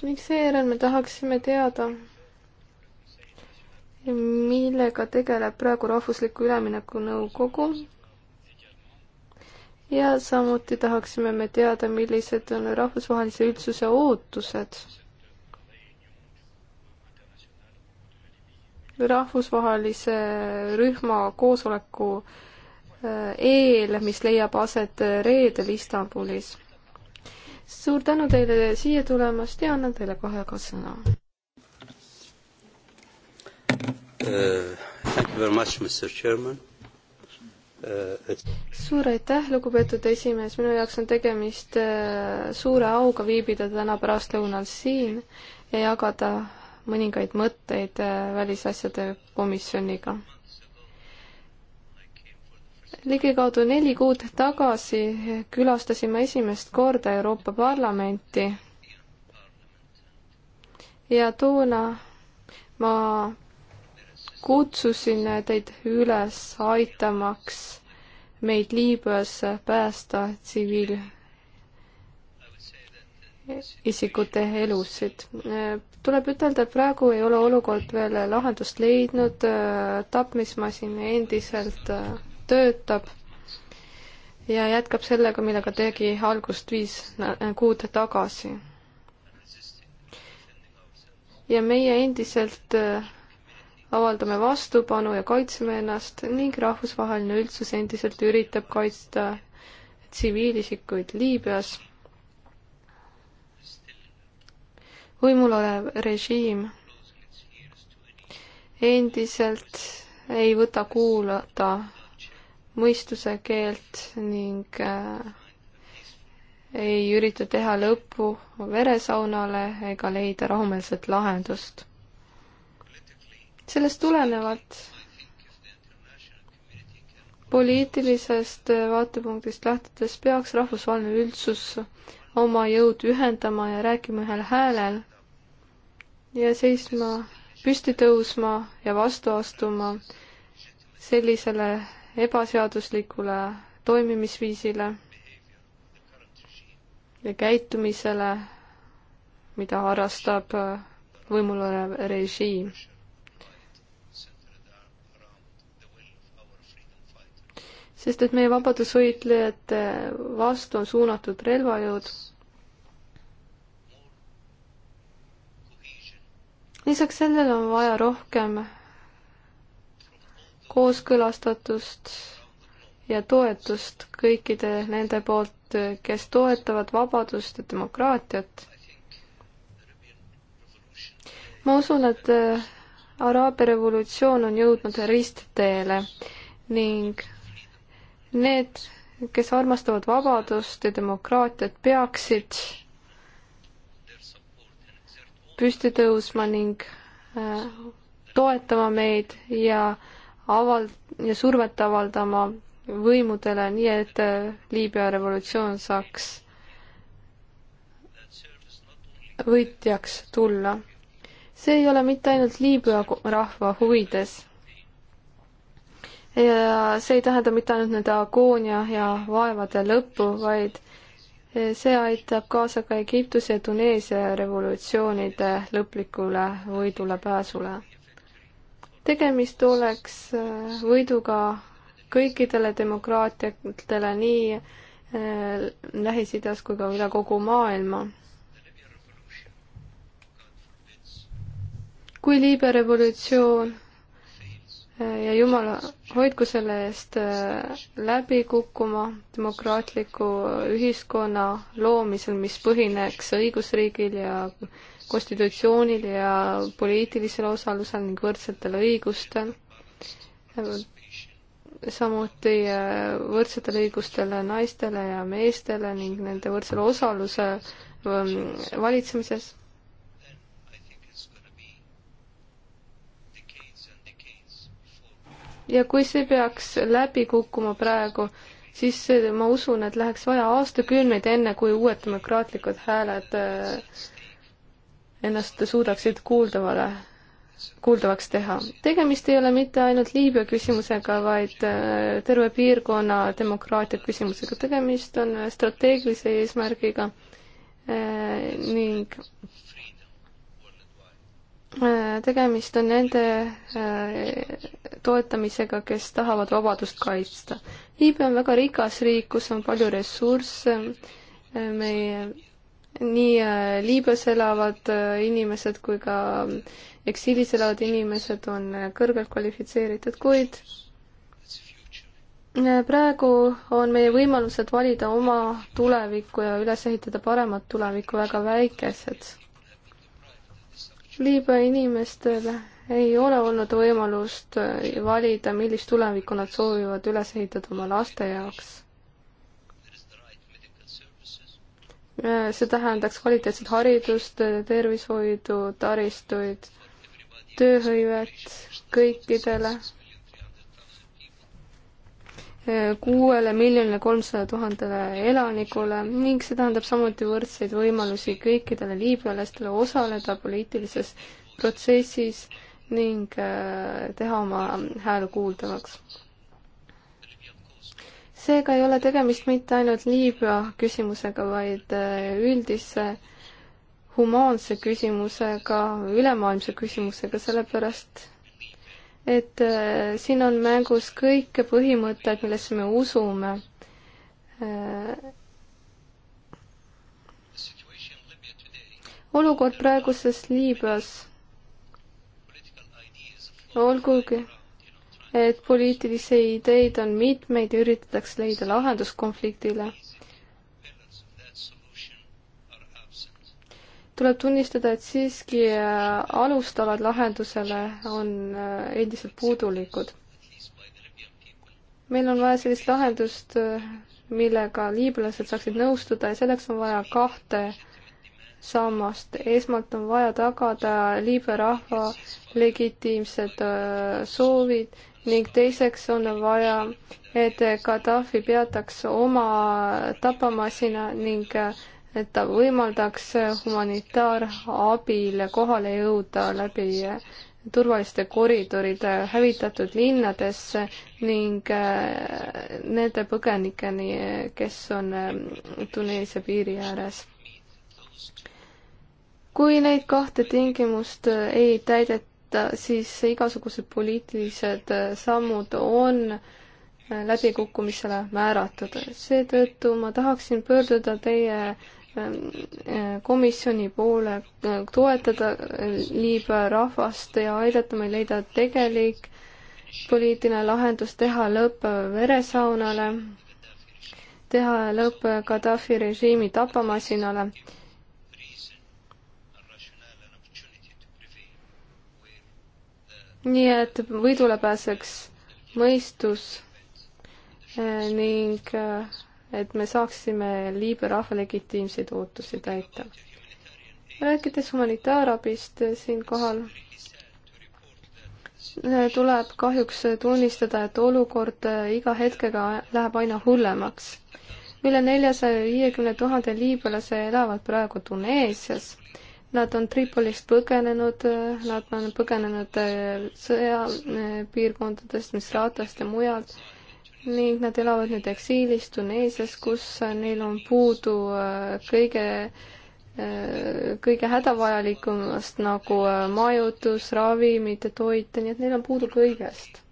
ning seejärel me tahaksime teada, millega tegeleb praegu Rahvusliku Ülemineku Nõukogu ja samuti tahaksime me teada, millised on rahvusvahelise üldsuse ootused rahvusvahelise rühma koosoleku äh, eel, mis leiab aset reedel Istanbulis. suur tänu teile siia tulemast ja annan teile kohe ka sõna. Uh, thank you very much, Mr Chairman uh, suur aitäh, lugupeetud esimees, minu jaoks on tegemist uh, suure auga viibida täna pärastlõunal siin ja jagada mõningaid mõtteid uh, välisasjade komisjoniga ligikaudu neli kuud tagasi külastasime esimest korda Euroopa Parlamenti ja toona ma kutsusin teid üles aitamaks meid Liibüas päästa tsiviil- isikute elusid. tuleb ütelda, et praegu ei ole olukord veel lahendust leidnud, tapmismasin endiselt töötab ja jätkab sellega, millega tegi algust viis kuud tagasi. ja meie endiselt avaldame vastupanu ja kaitseme ennast ning rahvusvaheline üldsus endiselt üritab kaitsta tsiviilisikuid Liibüas võimul olev režiim endiselt ei võta kuulata mõistuse keelt ning äh, ei ürita teha lõppu veresaunale ega leida rahumeelset lahendust. sellest tulenevalt poliitilisest vaatepunktist lähtudes peaks rahvusvaheline üldsus oma jõud ühendama ja rääkima ühel häälel ja seisma, püsti tõusma ja vastu astuma sellisele ebaseaduslikule toimimisviisile ja käitumisele, mida harrastab võimul olev režiim sest et meie vabadusvõitlejate vastu on suunatud relvajõud. lisaks sellele on vaja rohkem kooskõlastatust ja toetust kõikide nende poolt, kes toetavad vabadust ja demokraatiat. ma usun, et Araabia revolutsioon on jõudnud ristteele ning need, kes armastavad vabadust ja demokraatiat, peaksid püsti tõusma ning äh, toetama meid ja aval- ja survet avaldama võimudele, nii et äh, Liibüa revolutsioon saaks võitjaks tulla. see ei ole mitte ainult Liibüa rahva huvides, ja see ei tähenda mitte ainult nende agoonia ja vaevade lõppu, vaid see aitab kaasa ka Egiptuse ja Tuneesia revolutsioonide lõplikule võidule pääsule. tegemist oleks äh, võiduga kõikidele demokraatiatele nii äh, Lähis-Idas kui ka üle kogu maailma. kui Liibüa revolutsioon ja Jumala hoidku selle eest äh, läbi kukkuma demokraatliku ühiskonna loomisel, mis põhineks õigusriigil ja konstitutsioonil ja poliitilisel osalusel ning võrdsetel õigustel. samuti äh, võrdsetel õigustel naistele ja meestele ning nende võrdsele osaluse ähm, valitsemises ja kui see peaks läbi kukkuma praegu, siis ma usun, et läheks vaja aastakümneid, enne kui uued demokraatlikud hääled äh, ennast suudaksid kuuldavale, kuuldavaks teha. tegemist ei ole mitte ainult Liibüa küsimusega, vaid äh, terve piirkonna demokraatia küsimusega. tegemist on strateegilise eesmärgiga äh, ning Äh, tegemist on nende äh, toetamisega, kes tahavad vabadust kaitsta. Liibüa on väga rikas riik, kus on palju ressursse, äh, meie nii Liibüas elavad inimesed kui ka eksiilis elavad inimesed on kõrgelt kvalifitseeritud, kuid praegu on meie võimalused valida oma tulevikku ja üles ehitada paremat tulevikku väga väikesed Liibüa inimestel ei ole olnud võimalust äh, valida, millist tulevikku nad soovivad üles ehitada oma laste jaoks. Äh, see tähendaks kvaliteetset haridust, tervishoidu, taristuid, tööhõivet kõikidele kuuele miljonile kolmsada tuhandele elanikule ning see tähendab samuti võrdseid võimalusi kõikidele liibüalastele osaleda poliitilises protsessis ning äh, teha oma hääl kuuldavaks. seega ei ole tegemist mitte ainult Liibüa küsimusega, vaid äh, üldise humaanse küsimusega, ülemaailmse küsimusega, sellepärast et äh, siin on mängus kõik põhimõtted, millesse me usume. Äh, olukord praeguses Liibüas, olgugi et poliitilisi ideid on mitmeid ja üritatakse leida lahendus konfliktile tuleb tunnistada, et siiski äh, alustavad lahendusele on äh, endiselt puudulikud. meil on vaja sellist lahendust, äh, millega liibülased saaksid nõustuda ja selleks on vaja kahte sammast. esmalt on vaja tagada Liibüa rahva legitiimsed soovid ning teiseks on vaja, et Gaddafi peataks oma tapamasina ning et ta võimaldaks humanitaarabile kohale jõuda läbi turvaliste koridoride hävitatud linnadesse ning äh, nende põgenikeni, kes on äh, Tuneesia piiri ääres. kui neid kahte tingimust äh, ei täideta, siis igasugused poliitilised sammud on läbikukkumisele määratud. seetõttu ma tahaksin pöörduda teie komisjoni poole toetada Liibüa rahvast ja aidata meil leida tegelik poliitiline lahendus, teha lõpp veresaunale, teha lõpp Gaddafi režiimi tapamasinale. nii et võidule pääseks mõistus eh, ning äh, et me saaksime Liibüa rahva legitiimseid ootusi täita. rääkides humanitaarabist eh, siinkohal, eh, tuleb kahjuks tunnistada, et olukord eh, iga hetkega läheb aina hullemaks. üle neljasaja viiekümne tuhande liibüalase elavad praegu Tuneesias. Nad on Tripolist põgenenud, nad on põgenenud sõjapiirkondadest, Misratast ja mujalt ning nad elavad nüüd eksiilis Tuneesias, kus neil on puudu äh, kõige, äh, kõige hädavajalikumast nagu äh, majutus, ravimid, toit, nii et neil on puudu kõigest.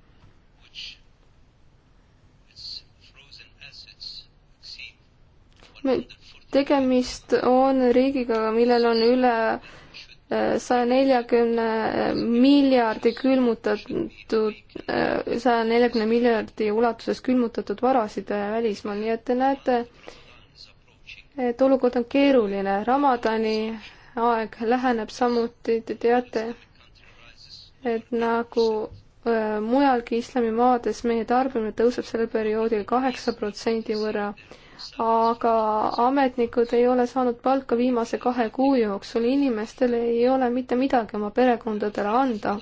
me, tegemist on riigiga, millel on üle saja neljakümne miljardi külmutatud, saja neljakümne miljardi ulatuses külmutatud varasid välismaal, nii et te näete, et olukord on keeruline. Ramadani aeg läheneb samuti, te teate, et nagu mujalgi islamimaades meie tarbimine tõuseb sel perioodil kaheksa protsendi võrra aga ametnikud ei ole saanud palka viimase kahe kuu jooksul, inimestel ei ole mitte midagi oma perekondadele anda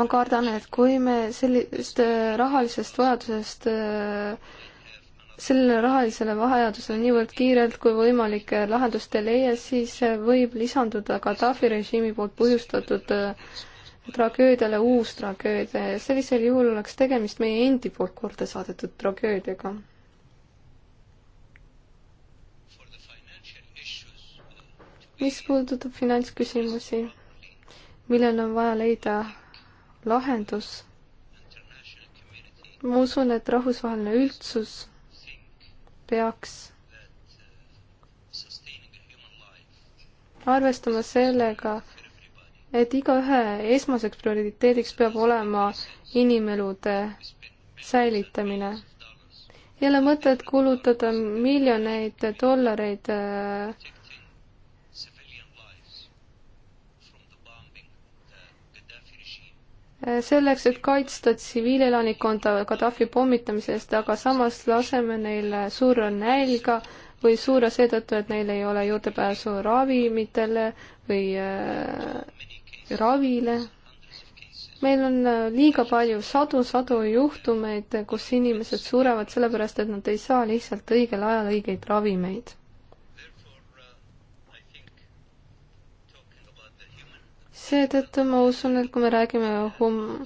ma kardan, et kui me sellist äh, rahalisest vajadusest, äh, sellele rahalisele vajadusele niivõrd kiirelt kui võimalik äh, lahendust ei leia, siis võib lisanduda Gaddafi režiimi poolt põhjustatud tragöödiale uus tragöödia ja sellisel juhul oleks tegemist meie endi poolt korda saadetud tragöödiaga mis puudutab finantsküsimusi, millel on vaja leida lahendus, ma usun, et rahvusvaheline üldsus peaks arvestama sellega, et igaühe esmaseks prioriteediks peab olema inimelude säilitamine. ei ole mõtet kulutada miljoneid dollareid äh, selleks, et kaitsta tsiviilelanikkonda Gaddafi pommitamise eest, aga samas laseme neil surra nälga või surra seetõttu, et neil ei ole juurdepääsu ravimitele või äh, ravile. meil on äh, liiga palju sadu-sadu juhtumeid, kus inimesed surevad sellepärast, et nad ei saa lihtsalt õigel ajal õigeid ravimeid seetõttu ma usun, et kui me räägime hum-,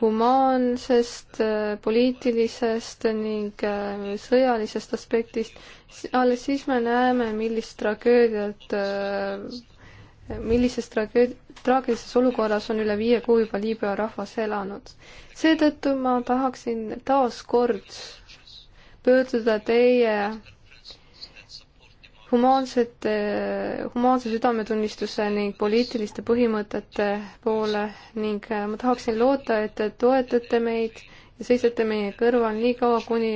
humaansest, äh, poliitilisest ning äh, sõjalisest aspektist, alles siis me näeme, millist tragöödiat, äh, millises tragöödi-, traagilises olukorras on üle viie kuu juba Liibüa rahvas elanud. seetõttu ma tahaksin taas kord pöörduda teie humaansete, humaanse südametunnistuse ning poliitiliste põhimõtete poole ning äh, ma tahaksin loota, et te toetate meid ja seisate meie kõrval nii kaua, kuni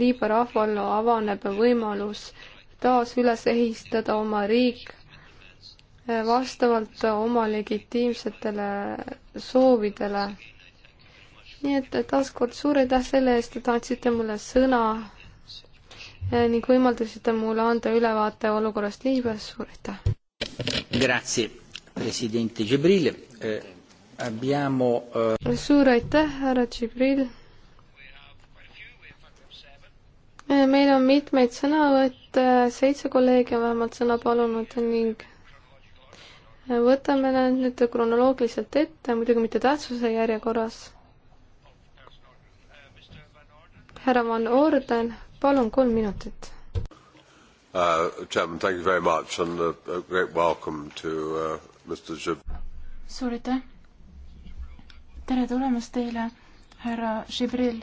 Liibüa rahval avaneb võimalus taas üles ehitada oma riik äh, vastavalt oma legitiimsetele soovidele. nii et äh, taaskord suur aitäh selle eest, et andsite mulle sõna Eh, ning võimaldasite mulle anda ülevaate olukorrast Liibüas, suur aitäh! Grazie, president Džibril eh,. Abbiamo eh... suur aitäh, härra Džibril! Eh, meil on mitmeid sõnavõtte, seitse kolleegi on vähemalt sõna palunud ning eh, võtame nad nüüd kronoloogiliselt ette, muidugi mitte tähtsuse järjekorras. härra Van Orden palun, kolm minutit uh,. Chairman, thank you very much and a, a great welcome to uh, Mr Jib-. suur aitäh! tere tulemast teile, härra Žibril!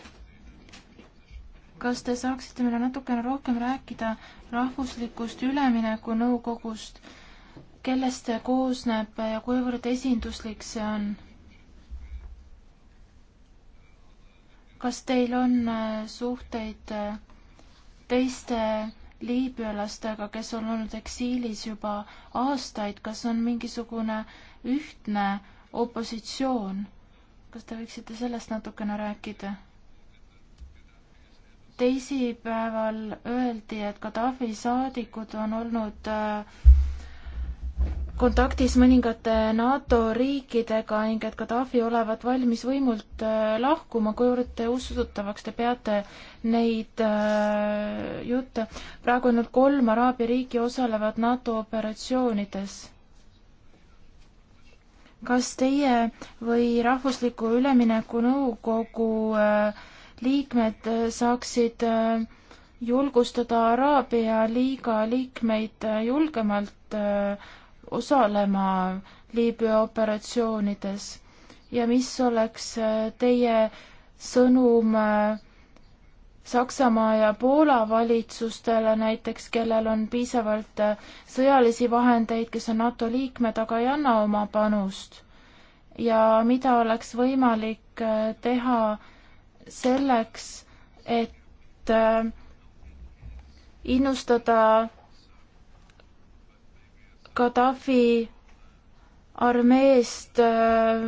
kas te saaksite meile natukene rohkem rääkida rahvuslikust üleminekunõukogust, kellest see koosneb ja kuivõrd esinduslik see on? kas teil on äh, suhteid äh, teiste liibüalastega, kes on olnud eksiilis juba aastaid, kas on mingisugune ühtne opositsioon? kas te võiksite sellest natukene rääkida? teisipäeval öeldi, et Gaddafi saadikud on olnud äh, kontaktis mõningate NATO riikidega ning et Gaddafi olevat valmis võimult äh, lahkuma, kuivõrd usutavaks te peate neid äh, jutte. praegu ainult kolm Araabia riiki osalevad NATO operatsioonides. kas teie või Rahvusliku Üleminekunõukogu äh, liikmed äh, saaksid äh, julgustada Araabia liiga liikmeid äh, julgemalt äh, osalema Liibüa operatsioonides ja mis oleks äh, teie sõnum äh, Saksamaa ja Poola valitsustele näiteks, kellel on piisavalt äh, sõjalisi vahendeid, kes on NATO liikmed, aga ei anna oma panust? ja mida oleks võimalik teha selleks, et innustada Gaddafi armeest äh,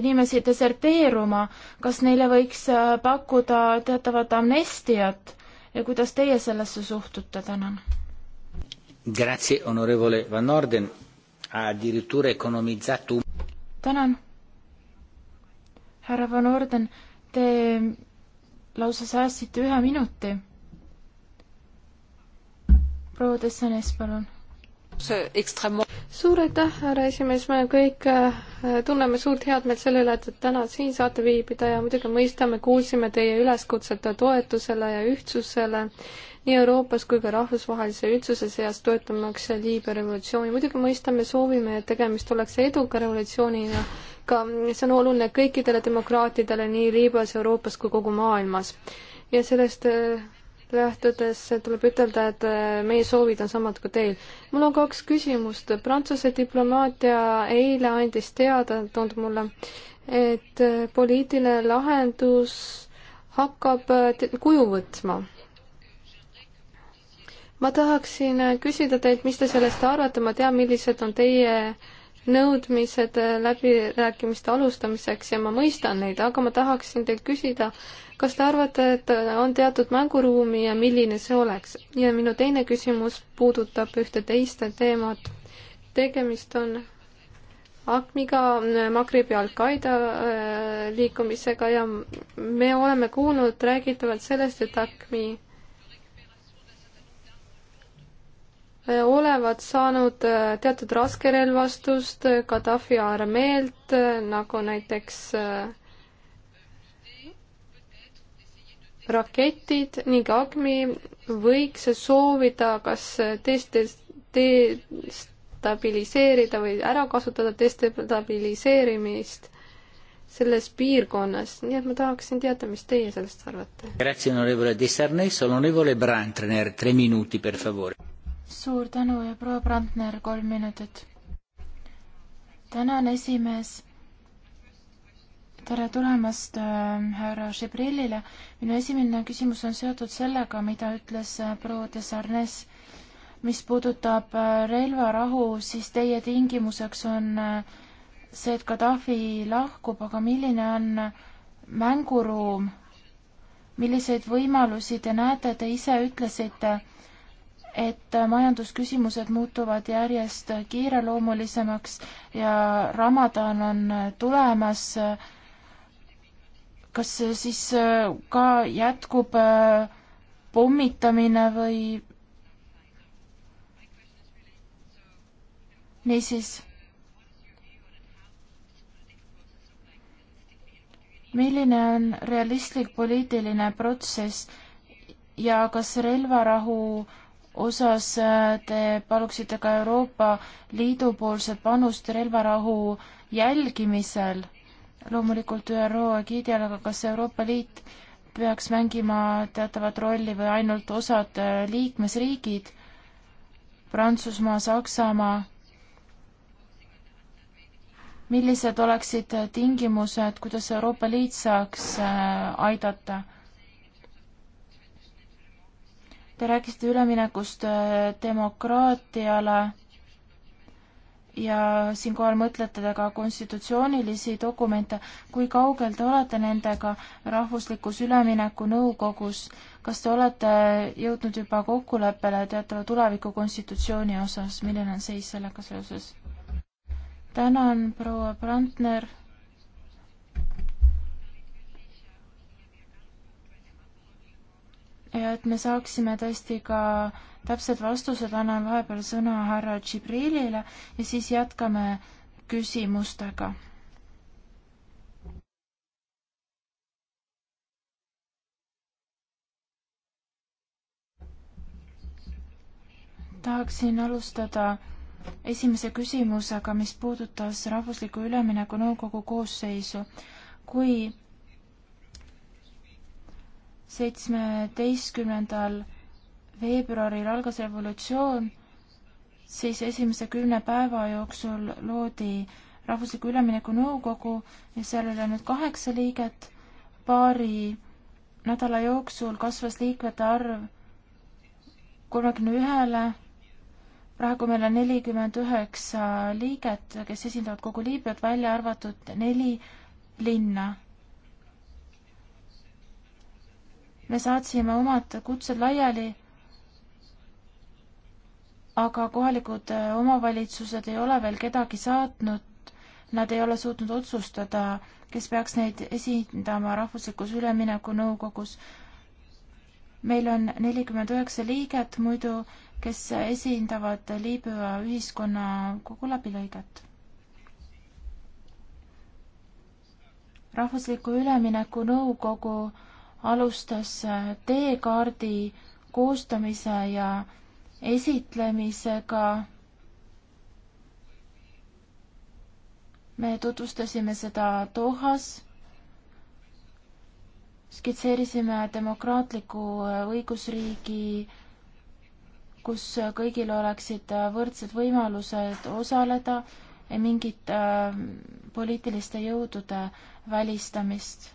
inimesi deserteeruma, kas neile võiks äh, pakkuda teatavat amnestiat ja kuidas teie sellesse suhtute, tänan? Grazie, onorevole Van Orden, addirittura economizzato. tänan. härra Van Orden, te lausa säästsite ühe minuti proua Tessanes, palun suur aitäh, härra esimees, me kõik äh, tunneme suurt headmeelt selle üle, et täna siin saate viibida ja muidugi mõistame, kuulsime teie üleskutset toetusele ja ühtsusele nii Euroopas kui ka rahvusvahelise üldsuse seas toetamaks Liibüa revolutsiooni. muidugi mõistame, soovime, et tegemist oleks eduka revolutsioonina, ka see on oluline kõikidele demokraatidele nii Liibüas, Euroopas kui kogu maailmas. ja sellest äh, lähtudes tuleb ütelda, et äh, meie soovid on samad kui teil. mul on kaks küsimust. Prantsuse diplomaatia eile andis teada, tundub mulle, et äh, poliitiline lahendus hakkab äh, kuju võtma. ma tahaksin küsida teilt, mis te sellest arvate, ma tean, millised on teie nõudmised läbirääkimiste alustamiseks ja ma mõistan neid, aga ma tahaksin teilt küsida äh, kas te arvate, et on teatud mänguruumi ja milline see oleks? ja minu teine küsimus puudutab ühte teist teemat. tegemist on ACMiga, Magribi al-Qaeda äh, liikumisega ja me oleme kuulnud räägitavalt sellest, et ACMi äh, olevat saanud äh, teatud raskerelvastust Gaddafi armeelt, nagu näiteks äh, raketid ning AGMI võiks soovida kas teistest destabiliseerida või ära kasutada destabiliseerimist selles piirkonnas, nii et ma tahaksin teada, mis teie sellest arvate. suur tänu ja proua Brandner, kolm minutit. tänan, esimees tere tulemast äh, härra Žibrillile. minu esimene küsimus on seotud sellega, mida ütles äh, proua de Sarnes. mis puudutab äh, relvarahu, siis teie tingimuseks on see, et Gaddafi lahkub, aga milline on mänguruum? milliseid võimalusi te näete, te ise ütlesite, et majandusküsimused muutuvad järjest kiireloomulisemaks ja Ramadan on tulemas äh, kas siis äh, ka jätkub äh, pommitamine või? niisiis. milline on realistlik poliitiline protsess ja kas relvarahu osas äh, te paluksite ka Euroopa Liidu poolset panust relvarahu jälgimisel? loomulikult ÜRO egiidi all, aga kas Euroopa Liit peaks mängima teatavat rolli või ainult osad äh, liikmesriigid, Prantsusmaa, Saksamaa, millised oleksid tingimused, kuidas Euroopa Liit saaks äh, aidata? Te rääkisite üleminekust äh, demokraatiale ja siinkohal mõtlete te ka konstitutsioonilisi dokumente, kui kaugel te olete nendega rahvuslikus üleminekunõukogus, kas te olete jõudnud juba kokkuleppele teatava tuleviku konstitutsiooni osas, milline on seis sellega seoses? tänan, proua Brandner ja et me saaksime tõesti ka täpsed vastused, annan vahepeal sõna härra Tšibrilile ja siis jätkame küsimustega. tahaksin alustada esimese küsimusega, mis puudutas Rahvusliku Ülemineku Nõukogu koosseisu. kui seitsmeteistkümnendal veebruaril algas revolutsioon, siis esimese kümne päeva jooksul loodi Rahvusliku Ülemineku Nõukogu ja seal oli nüüd kaheksa liiget. paari nädala jooksul kasvas liikmete arv kolmekümne ühele. praegu meil on nelikümmend üheksa liiget, kes esindavad kogu Liibüat, välja arvatud neli linna me saatsime omad kutsed laiali, aga kohalikud äh, omavalitsused ei ole veel kedagi saatnud. Nad ei ole suutnud otsustada, kes peaks neid esindama rahvuslikus üleminekunõukogus. meil on nelikümmend üheksa liiget muidu, kes esindavad Liibüa ühiskonna kogu läbilõiget rahvusliku ülemineku nõukogu alustas äh, teekaardi koostamise ja esitlemisega. me tutvustasime seda Dohas, skitseerisime demokraatliku äh, õigusriigi, kus äh, kõigil oleksid võrdsed võimalused osaleda, mingit poliitiliste jõudude välistamist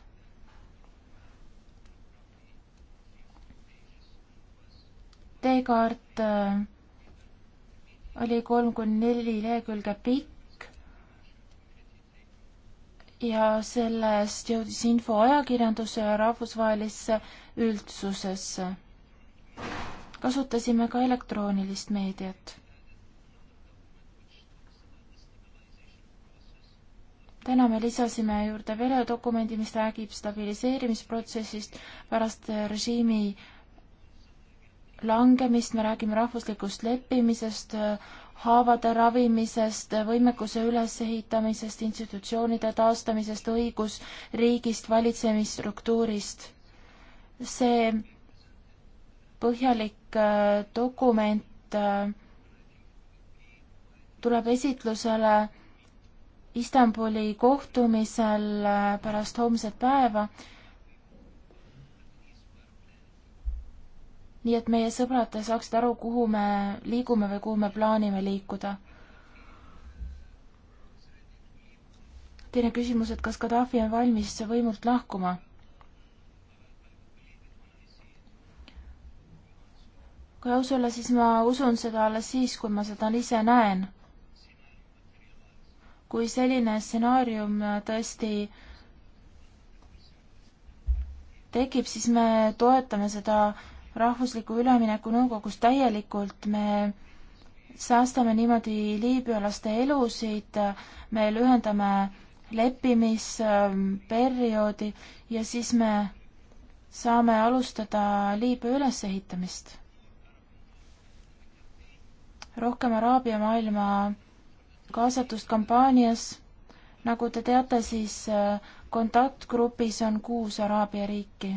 teekaart äh, oli kolm kuni neli lehekülge pikk ja sellest jõudis info ajakirjandusse ja rahvusvahelisse üldsusesse. kasutasime ka elektroonilist meediat. täna me lisasime juurde veel dokumendi, mis räägib stabiliseerimisprotsessist pärast režiimi äh, langemist, me räägime rahvuslikust leppimisest, haavade ravimisest, võimekuse ülesehitamisest, institutsioonide taastamisest, õigusriigist, valitsemisstruktuurist. see põhjalik äh, dokument äh, tuleb esitlusele Istanbuli kohtumisel äh, pärast homset päeva nii et meie sõbrad saaksid aru, kuhu me liigume või kuhu me plaanime liikuda. teine küsimus, et kas Gaddafi on valmis võimult lahkuma? kui aus olla, siis ma usun seda alles siis, kui ma seda ise näen. kui selline stsenaarium tõesti tekib, siis me toetame seda rahvusliku ülemineku nõukogus täielikult, me säästame niimoodi liibüalaste elusid, me lühendame leppimisperioodi ja siis me saame alustada Liibüa ülesehitamist. rohkem Araabia maailma kaasatust kampaanias. nagu te teate, siis kontaktgrupis on kuus Araabia riiki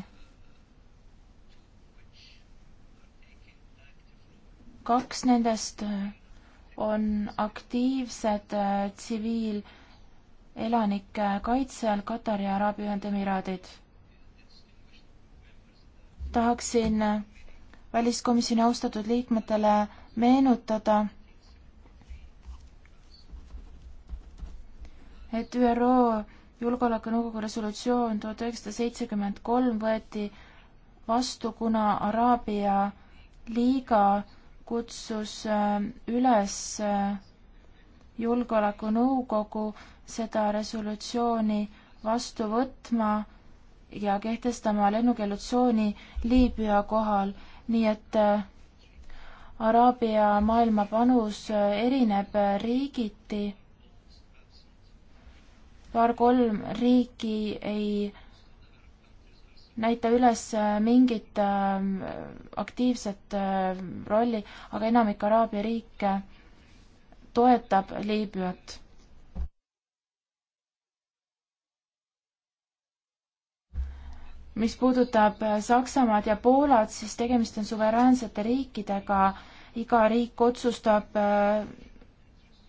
kaks nendest äh, on aktiivsed äh, tsiviilelanike kaitse all Katar ja Araabia Ühendemiraadid. tahaksin äh, väliskomisjoni austatud liikmetele meenutada, et ÜRO Julgeolekunõukogu resolutsioon tuhat üheksasada seitsekümmend kolm võeti vastu, kuna Araabia liiga kutsus äh, üles äh, julgeolekunõukogu seda resolutsiooni vastu võtma ja kehtestama lennukeelutsooni Liibüa kohal, nii et äh, Araabia maailma panus erineb riigiti paar-kolm riiki ei näita üles äh, mingit äh, aktiivset äh, rolli, aga enamik Araabia riike toetab Liibüat. mis puudutab Saksamaad ja Poolat, siis tegemist on suveräänsete riikidega, iga riik otsustab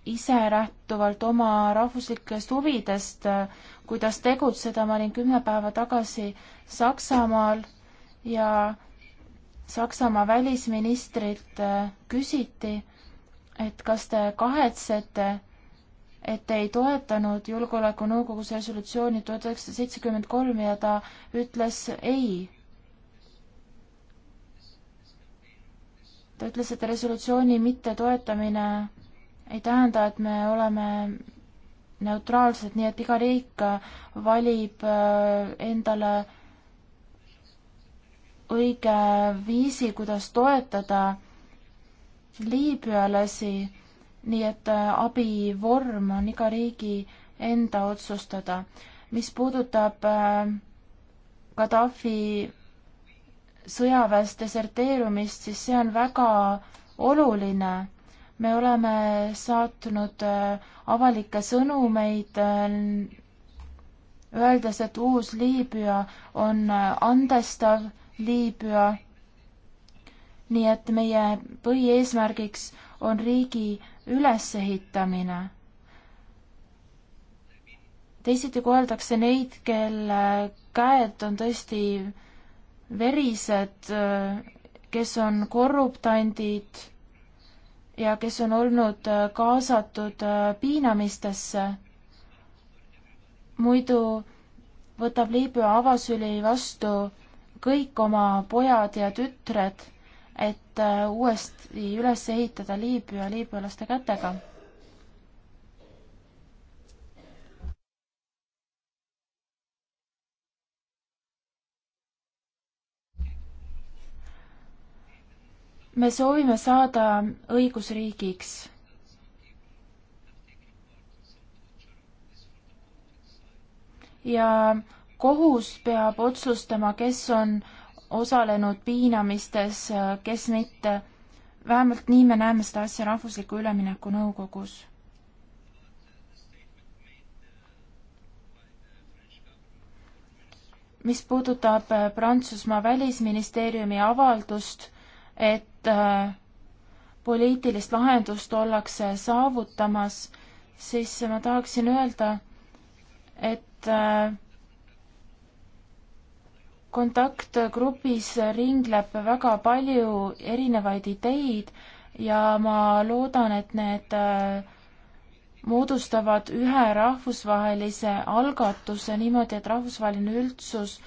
ise lähtuvalt oma rahvuslikest huvidest äh, kuidas tegutseda, ma olin kümme päeva tagasi Saksamaal ja Saksamaa välisministrilt äh, küsiti, et kas te kahetsete, et ei toetanud Julgeolekunõukogus resolutsiooni tuhat üheksasada seitsekümmend kolm ja ta ütles ei. ta ütles, et resolutsiooni mittetoetamine ei tähenda, et me oleme neutraalsed, nii et iga riik äh, valib äh, endale õige viisi, kuidas toetada liibüalasi, nii et äh, abivorm on iga riigi enda otsustada. mis puudutab Gaddafi sõjaväest deserteerumist, siis see on väga oluline me oleme saatnud äh, avalikke sõnumeid, äh, öeldes, et uus Liibüa on äh, andestav Liibüa. nii et meie põhieesmärgiks on riigi ülesehitamine. teisiti koheldakse neid, kelle käed on tõesti verised, kes on korruptandid ja kes on olnud äh, kaasatud äh, piinamistesse. muidu võtab Liibüa avasüli vastu kõik oma pojad ja tütred, et äh, uuesti üles ehitada Liibüa liibüalaste kätega me soovime saada õigusriigiks. ja kohus peab otsustama, kes on osalenud piinamistes, kes mitte. vähemalt nii me näeme seda asja Rahvusliku Ülemineku Nõukogus mis puudutab Prantsusmaa välisministeeriumi avaldust, et äh, poliitilist lahendust ollakse saavutamas, siis ma tahaksin öelda, et äh, kontaktgrupis ringleb väga palju erinevaid ideid ja ma loodan, et need äh, moodustavad ühe rahvusvahelise algatuse niimoodi, et rahvusvaheline üldsus äh,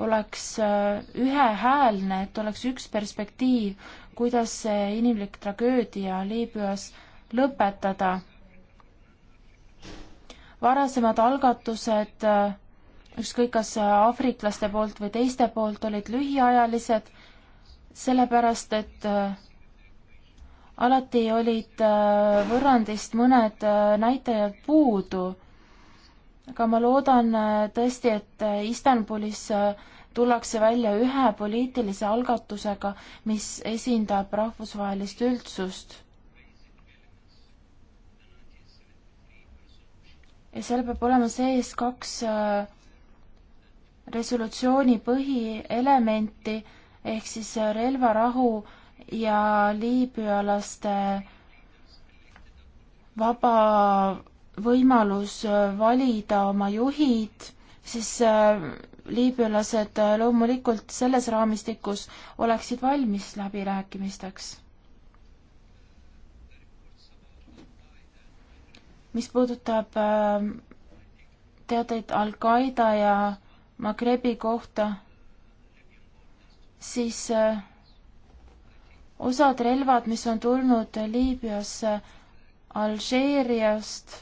oleks äh, ühehäälne, et oleks üks perspektiiv, kuidas see inimlik tragöödia Liibüas lõpetada. varasemad algatused, äh, ükskõik kas aafriklaste poolt või teiste poolt, olid lühiajalised, sellepärast et äh, alati olid võrrandist mõned näitajad puudu aga ma loodan äh, tõesti, et äh, Istanbulis äh, tullakse välja ühe poliitilise algatusega, mis esindab rahvusvahelist üldsust. ja seal peab olema sees kaks resolutsiooni põhielementi ehk siis relvarahu ja liibüalaste vaba võimalus äh, valida oma juhid, siis äh, liibüalased äh, loomulikult selles raamistikus oleksid valmis läbirääkimisteks. mis puudutab teateid Al-Qaeda ja Magrebi kohta, siis osad relvad, mis on tulnud Liibüasse Alžeeriast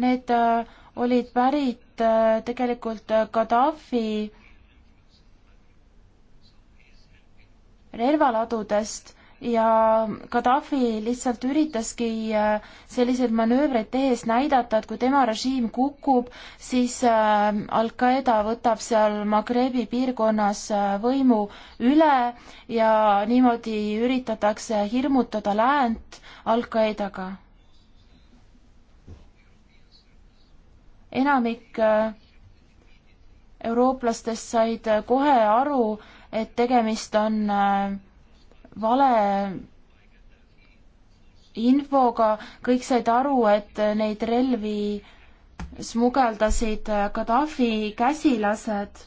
Need äh, olid pärit äh, tegelikult äh, Gaddafi relvaladudest ja Gaddafi lihtsalt üritaski selliseid manöövreid tehes näidata, et kui tema režiim kukub, siis Al-Qaeda võtab seal Magrebi piirkonnas võimu üle ja niimoodi üritatakse hirmutada läänt Al-Qaedaga enamik äh, eurooplastest said äh, kohe aru, et tegemist on äh, vale infoga, kõik said aru, et neid relvi smugeldasid Gaddafi käsilased,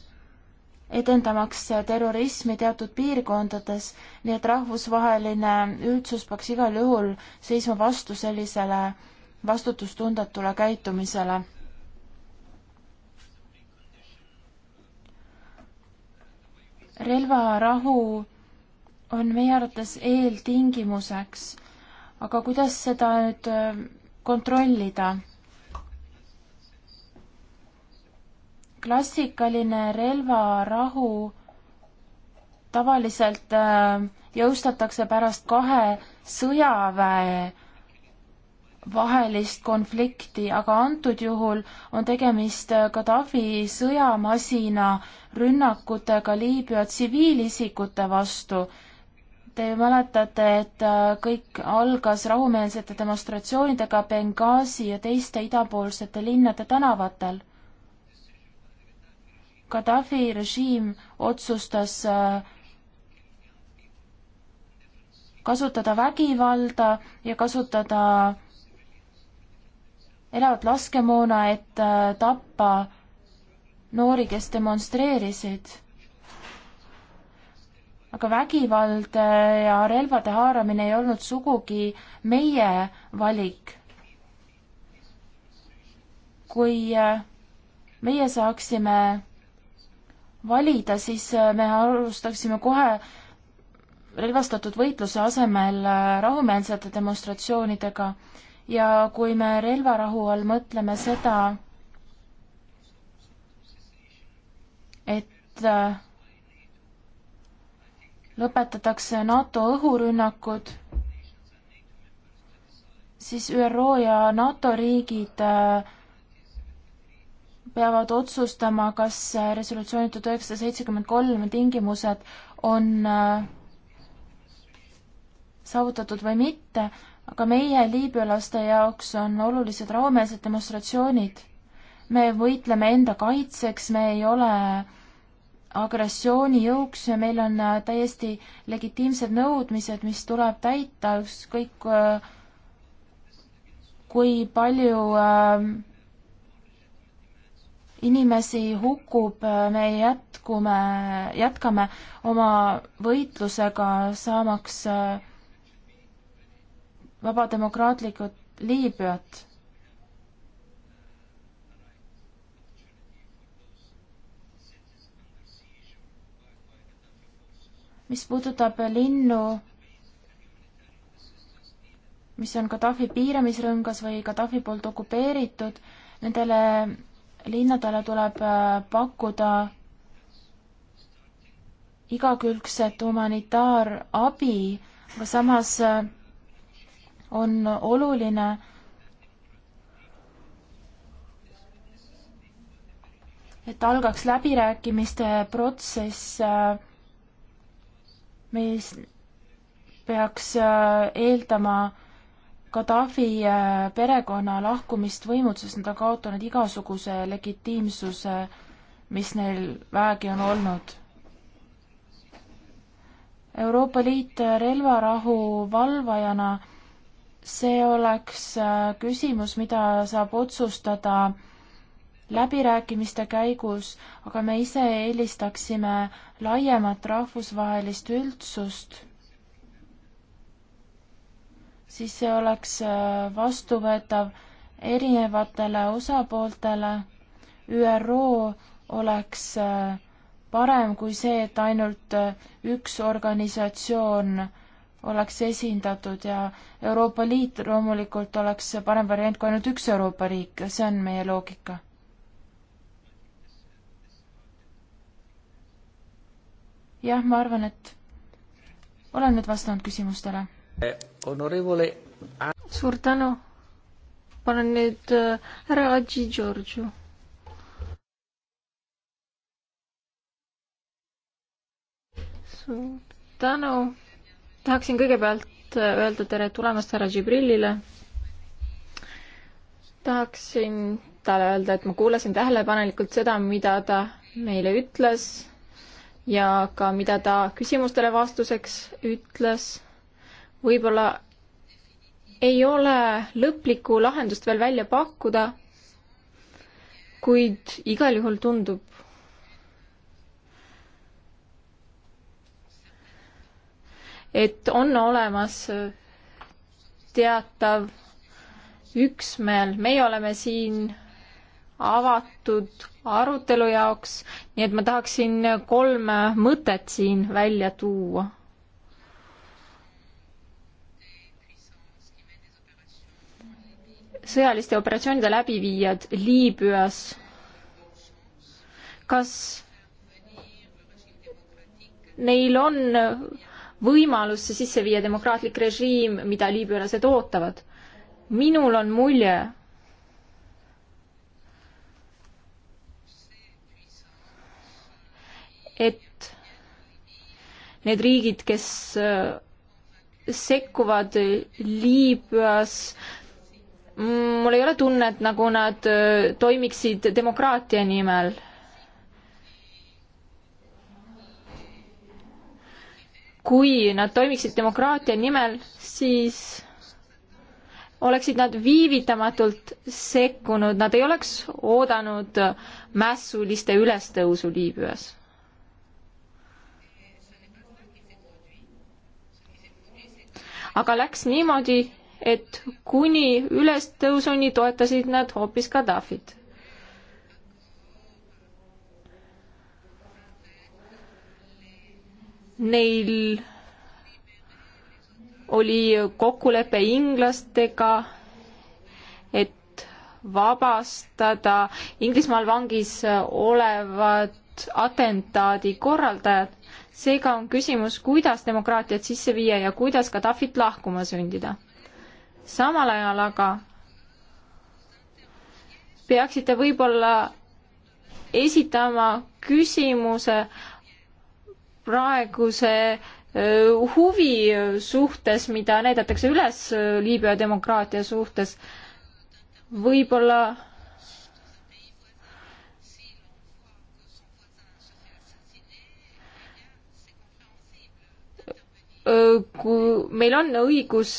edendamaks terrorismi teatud piirkondades, nii et rahvusvaheline üldsus peaks igal juhul seisma vastu sellisele vastutustundetule käitumisele relvarahu on meie arvates eeltingimuseks, aga kuidas seda nüüd äh, kontrollida? klassikaline relvarahu tavaliselt äh, jõustatakse pärast kahe sõjaväe vahelist konflikti, aga antud juhul on tegemist äh, Gaddafi sõjamasina rünnakutega Liibüa tsiviilisikute vastu. Te ju mäletate, et äh, kõik algas rahumeelsete demonstratsioonidega Benghazi ja teiste idapoolsete linnade tänavatel. Gaddafi režiim otsustas äh, kasutada vägivalda ja kasutada elavat laskemoona, et äh, tappa noori, kes demonstreerisid. aga vägivald äh, ja relvade haaramine ei olnud sugugi meie valik. kui äh, meie saaksime valida, siis me alustaksime kohe relvastatud võitluse asemel rahumeelsete demonstratsioonidega ja kui me relvarahu all mõtleme seda, et äh, lõpetatakse NATO õhurünnakud, siis ÜRO ja NATO riigid äh, peavad otsustama, kas resolutsiooni tuhat üheksasada seitsekümmend kolm tingimused on äh, saavutatud või mitte aga meie liibüalaste jaoks on olulised rahumeelsed demonstratsioonid. me võitleme enda kaitseks, me ei ole agressioonijõuks ja meil on äh, täiesti legitiimsed nõudmised, mis tuleb täita, ükskõik äh, kui palju äh, inimesi hukkub, me jätkume, jätkame oma võitlusega, saamaks äh, vabademokraatlikud Liibüat. mis puudutab linnu, mis on Gaddafi piiramisrõngas või Gaddafi poolt okupeeritud, nendele linnadele tuleb äh, pakkuda igakülgset humanitaarabi, aga samas äh, on oluline et algaks läbirääkimiste protsess, äh, mis peaks äh, eeldama Gaddafi äh, perekonna lahkumist võimult, sest nad on kaotanud igasuguse legitiimsuse, mis neil väegi on olnud. Euroopa Liit relvarahu valvajana see oleks äh, küsimus, mida saab otsustada läbirääkimiste käigus, aga me ise eelistaksime laiemat rahvusvahelist üldsust, siis see oleks äh, vastuvõetav erinevatele osapooltele. ÜRO oleks äh, parem kui see, et ainult üks organisatsioon oleks esindatud ja Euroopa Liit loomulikult oleks parem variant kui ainult üks Euroopa riik, see on meie loogika. jah, ma arvan, et olen nüüd vastanud küsimustele. suur tänu. panen nüüd härra äh, Adži Georgiou. suur tänu tahaksin kõigepealt äh, öelda tere tulemast härra Džibrillile. tahaksin talle öelda, et ma kuulasin tähelepanelikult seda, mida ta meile ütles ja ka mida ta küsimustele vastuseks ütles. võib-olla ei ole lõplikku lahendust veel välja pakkuda, kuid igal juhul tundub et on olemas teatav üksmeel, meie oleme siin avatud arutelu jaoks, nii et ma tahaksin kolm mõtet siin välja tuua. sõjaliste operatsioonide läbiviijad Liibüas, kas neil on võimalusse sisse viia demokraatlik režiim, mida liibüalased ootavad. minul on mulje, et need riigid, kes äh, sekkuvad Liibüas, mm, mul ei ole tunnet, nagu nad äh, toimiksid demokraatia nimel kui nad toimiksid demokraatia nimel, siis oleksid nad viivitamatult sekkunud, nad ei oleks oodanud mässuliste ülestõusu Liibüas aga läks niimoodi, et kuni ülestõusuni toetasid nad hoopis Gaddafit. neil oli kokkulepe inglastega, et vabastada Inglismaal vangis olevad atentaadi korraldajad. seega on küsimus, kuidas demokraatiat sisse viia ja kuidas Gaddafit lahkuma sundida. samal ajal aga peaksite võib-olla esitama küsimuse, praeguse huvi suhtes, mida näidatakse üles Liibüa demokraatia suhtes, võib-olla kui meil on õigus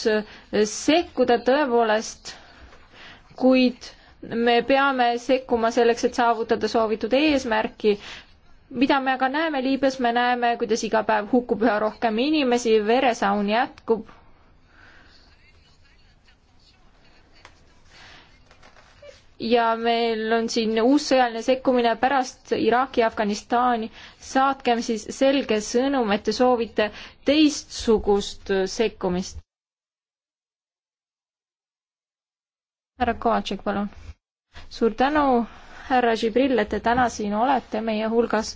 sekkuda tõepoolest, kuid me peame sekkuma selleks, et saavutada soovitud eesmärki mida me aga näeme Liibüas, me näeme, kuidas iga päev hukkub üha rohkem inimesi, veresaun jätkub. ja meil on siin uus sõjaline sekkumine pärast Iraaki ja Afganistani. saatkem siis selge sõnum, et te soovite teistsugust sekkumist. härra Kovatšek, palun. suur tänu härra Žibril, et te täna siin olete meie hulgas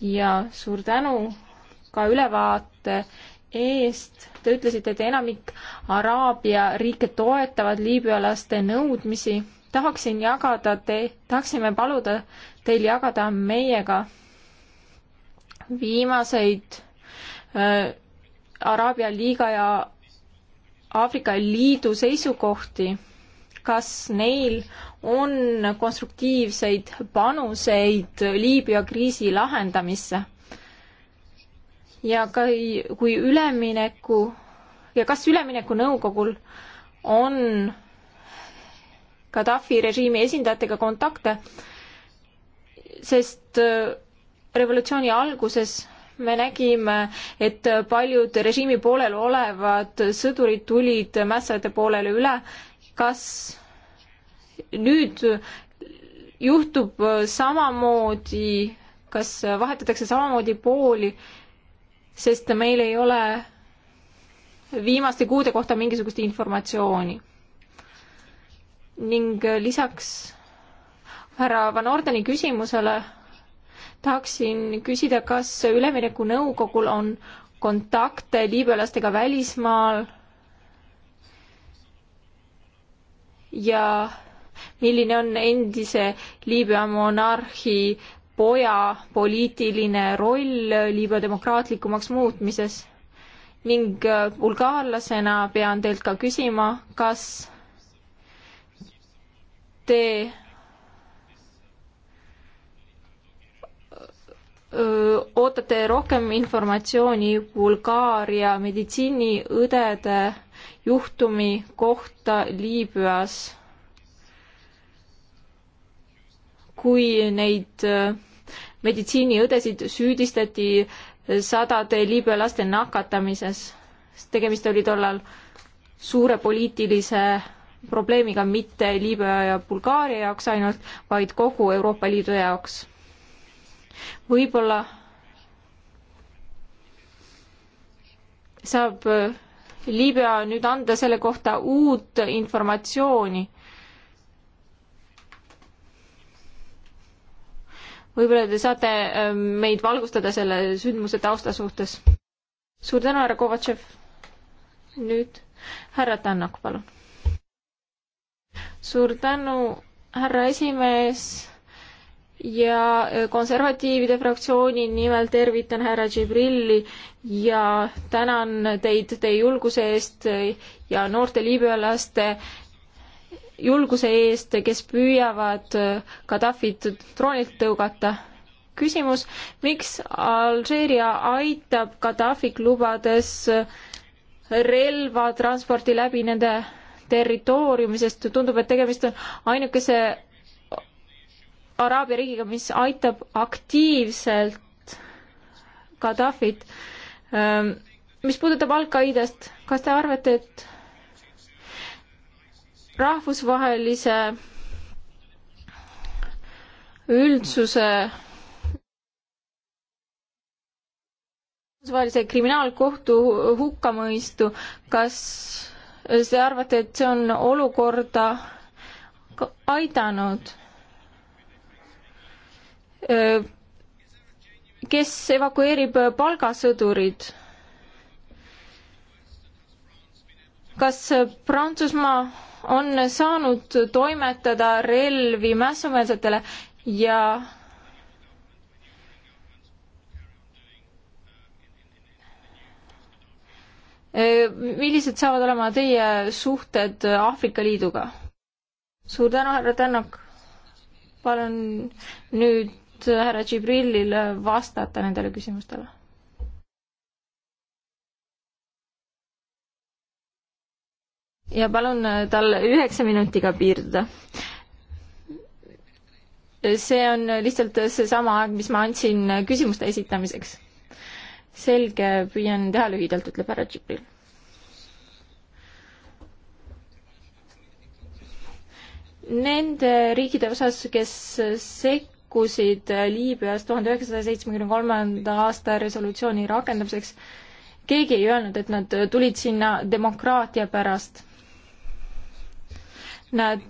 ja suur tänu ka ülevaate eest. Te ütlesite, et enamik Araabia riike toetavad liibüalaste nõudmisi. tahaksin jagada te, tahaksime paluda teil jagada meiega viimaseid äh, Araabia liiga ja Aafrika Liidu seisukohti kas neil on konstruktiivseid panuseid Liibüa kriisi lahendamisse? ja ka kui ülemineku ja kas üleminekunõukogul on Gaddafi režiimi esindajatega kontakte, sest äh, revolutsiooni alguses me nägime, et paljud režiimi poolel olevad sõdurid tulid mässade poolele üle kas nüüd juhtub samamoodi, kas vahetatakse samamoodi pooli, sest meil ei ole viimaste kuude kohta mingisugust informatsiooni. ning lisaks härra Van Ordeni küsimusele tahaksin küsida, kas üleminekunõukogul on kontakte liibüalastega välismaal ja milline on endise Liibüa monarhi poja poliitiline roll Liibüa demokraatlikumaks muutmises. ning äh, bulgaarlasena pean teilt ka küsima, kas te äh, ootate rohkem informatsiooni Bulgaaria meditsiiniõdede juhtumi kohta Liibüas. kui neid äh, meditsiiniõdesid süüdistati äh, sadade Liibüa laste nakatamises, tegemist oli tollal suure poliitilise probleemiga mitte Liibüa ja Bulgaaria jaoks ainult, vaid kogu Euroopa Liidu jaoks. võib-olla saab äh, Liibüa nüüd anda selle kohta uut informatsiooni. võib-olla te saate ähm, meid valgustada selle sündmuse tausta suhtes. suur tänu, härra Kovatšev. nüüd härra Tannak, palun. suur tänu, härra esimees ja äh, konservatiivide fraktsiooni nimel tervitan härra Džibrilli ja tänan teid teie julguse eest äh, ja noorte liibüalaste julguse eest, kes püüavad äh, Gaddafit troonilt tõugata. küsimus, miks Alžeeria aitab Gaddafit lubades relvatransporti läbi nende territooriumi, sest tundub, et tegemist on ainukese Araabia riigiga, mis aitab aktiivselt Gaddafit. Ähm, mis puudutab Al-Qaidast, kas te arvate, et rahvusvahelise üldsuse rahvusvahelise kriminaalkohtu hukkamõistu, kas te arvate, et see on olukorda aidanud? kes evakueerib palgasõdurid? kas Prantsusmaa on saanud toimetada relvi mässumeelsetele ja millised saavad olema teie suhted Aafrika Liiduga? suur tänu, härra Tänak. palun nüüd nüüd härra Džibrillil vastata nendele küsimustele. ja palun äh, tal üheksa minutiga piirduda. see on lihtsalt seesama aeg, mis ma andsin küsimuste esitamiseks. selge, püüan teha lühidalt, ütleb härra Džibrill nende riikide osas, kes sek-, lahkusid Liibüast tuhande üheksasaja seitsmekümne kolmanda aasta resolutsiooni rakendamiseks. keegi ei öelnud, et nad tulid sinna demokraatia pärast. Nad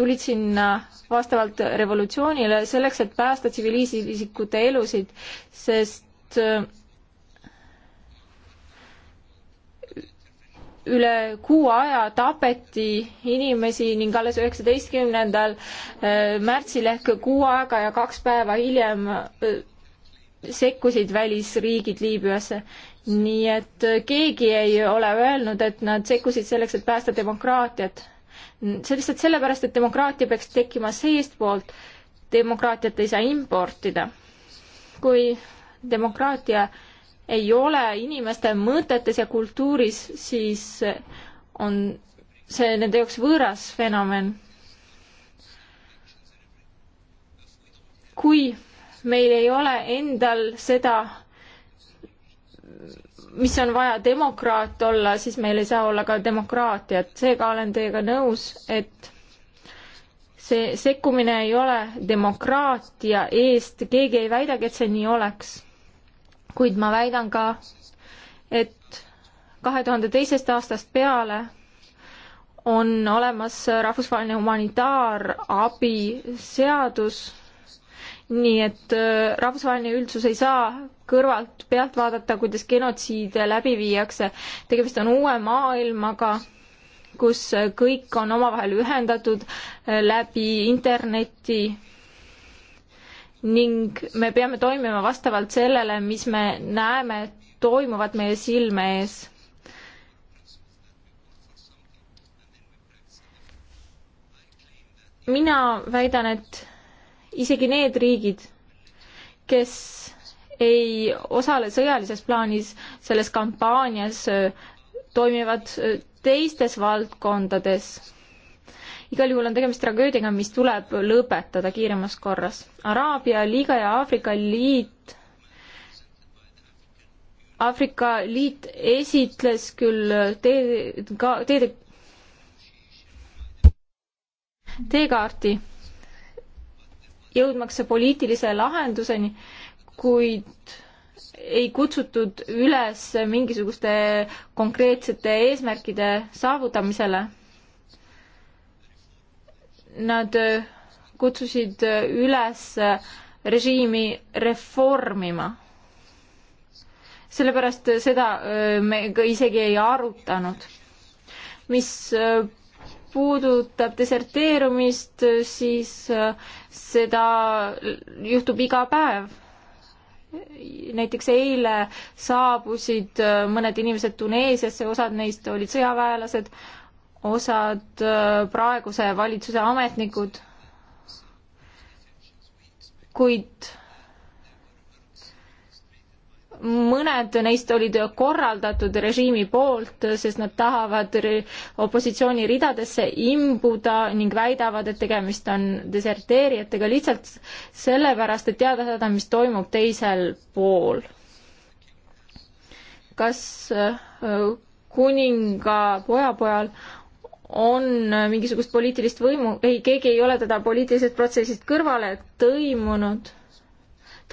tulid sinna vastavalt revolutsioonile selleks, et päästa tsiviilisikute elusid, sest üle kuu aja tapeti inimesi ning alles üheksateistkümnendal eh, märtsil ehk kuu aega ja kaks päeva hiljem eh, sekkusid välisriigid Liibüasse. nii et eh, keegi ei ole öelnud, et nad sekkusid selleks, et päästa demokraatiat. see lihtsalt sellepärast, et demokraatia peaks tekkima seestpoolt, demokraatiat ei saa importida. kui demokraatia äh, ei ole inimeste mõtetes ja kultuuris, siis on see nende jaoks võõras fenomen. kui meil ei ole endal seda, mis on vaja demokraat olla, siis meil ei saa olla ka demokraatiat, seega olen teiega nõus, et see sekkumine ei ole demokraatia eest, keegi ei väidagi, et see nii oleks kuid ma väidan ka, et kahe tuhande teisest aastast peale on olemas rahvusvaheline humanitaarabi seadus, nii et äh, rahvusvaheline üldsus ei saa kõrvalt pealt vaadata, kuidas genotsiide läbi viiakse. tegemist on uue maailmaga, kus kõik on omavahel ühendatud äh, läbi interneti ning me peame toimima vastavalt sellele, mis me näeme toimuvat meie silme ees. mina väidan, et isegi need riigid, kes ei osale sõjalises plaanis selles kampaanias, äh, toimivad äh, teistes valdkondades igal juhul on tegemist tragöödiaga, mis tuleb lõpetada kiiremas korras. Araabia Liiga ja Aafrika Liit Aafrika Liit esitles küll teede, ka teede, teekaarti, jõudmaks poliitilise lahenduseni, kuid ei kutsutud üles mingisuguste konkreetsete eesmärkide saavutamisele nad äh, kutsusid äh, üles äh, režiimi reformima. sellepärast seda me ka isegi ei arutanud. mis puudutab deserteerumist, siis seda juhtub iga päev. näiteks eile saabusid mõned inimesed Tuneesiasse, osad neist olid sõjaväelased, osad äh, praeguse valitsuse ametnikud, kuid mõned neist olid korraldatud režiimi poolt, sest nad tahavad opositsiooni ridadesse imbuda ning väidavad, et tegemist on deserteerijatega lihtsalt sellepärast, et teada saada, mis toimub teisel pool. kas äh, kuninga pojapojal on mingisugust poliitilist võimu, ei, keegi ei ole teda poliitilisest protsessist kõrvale tõimunud,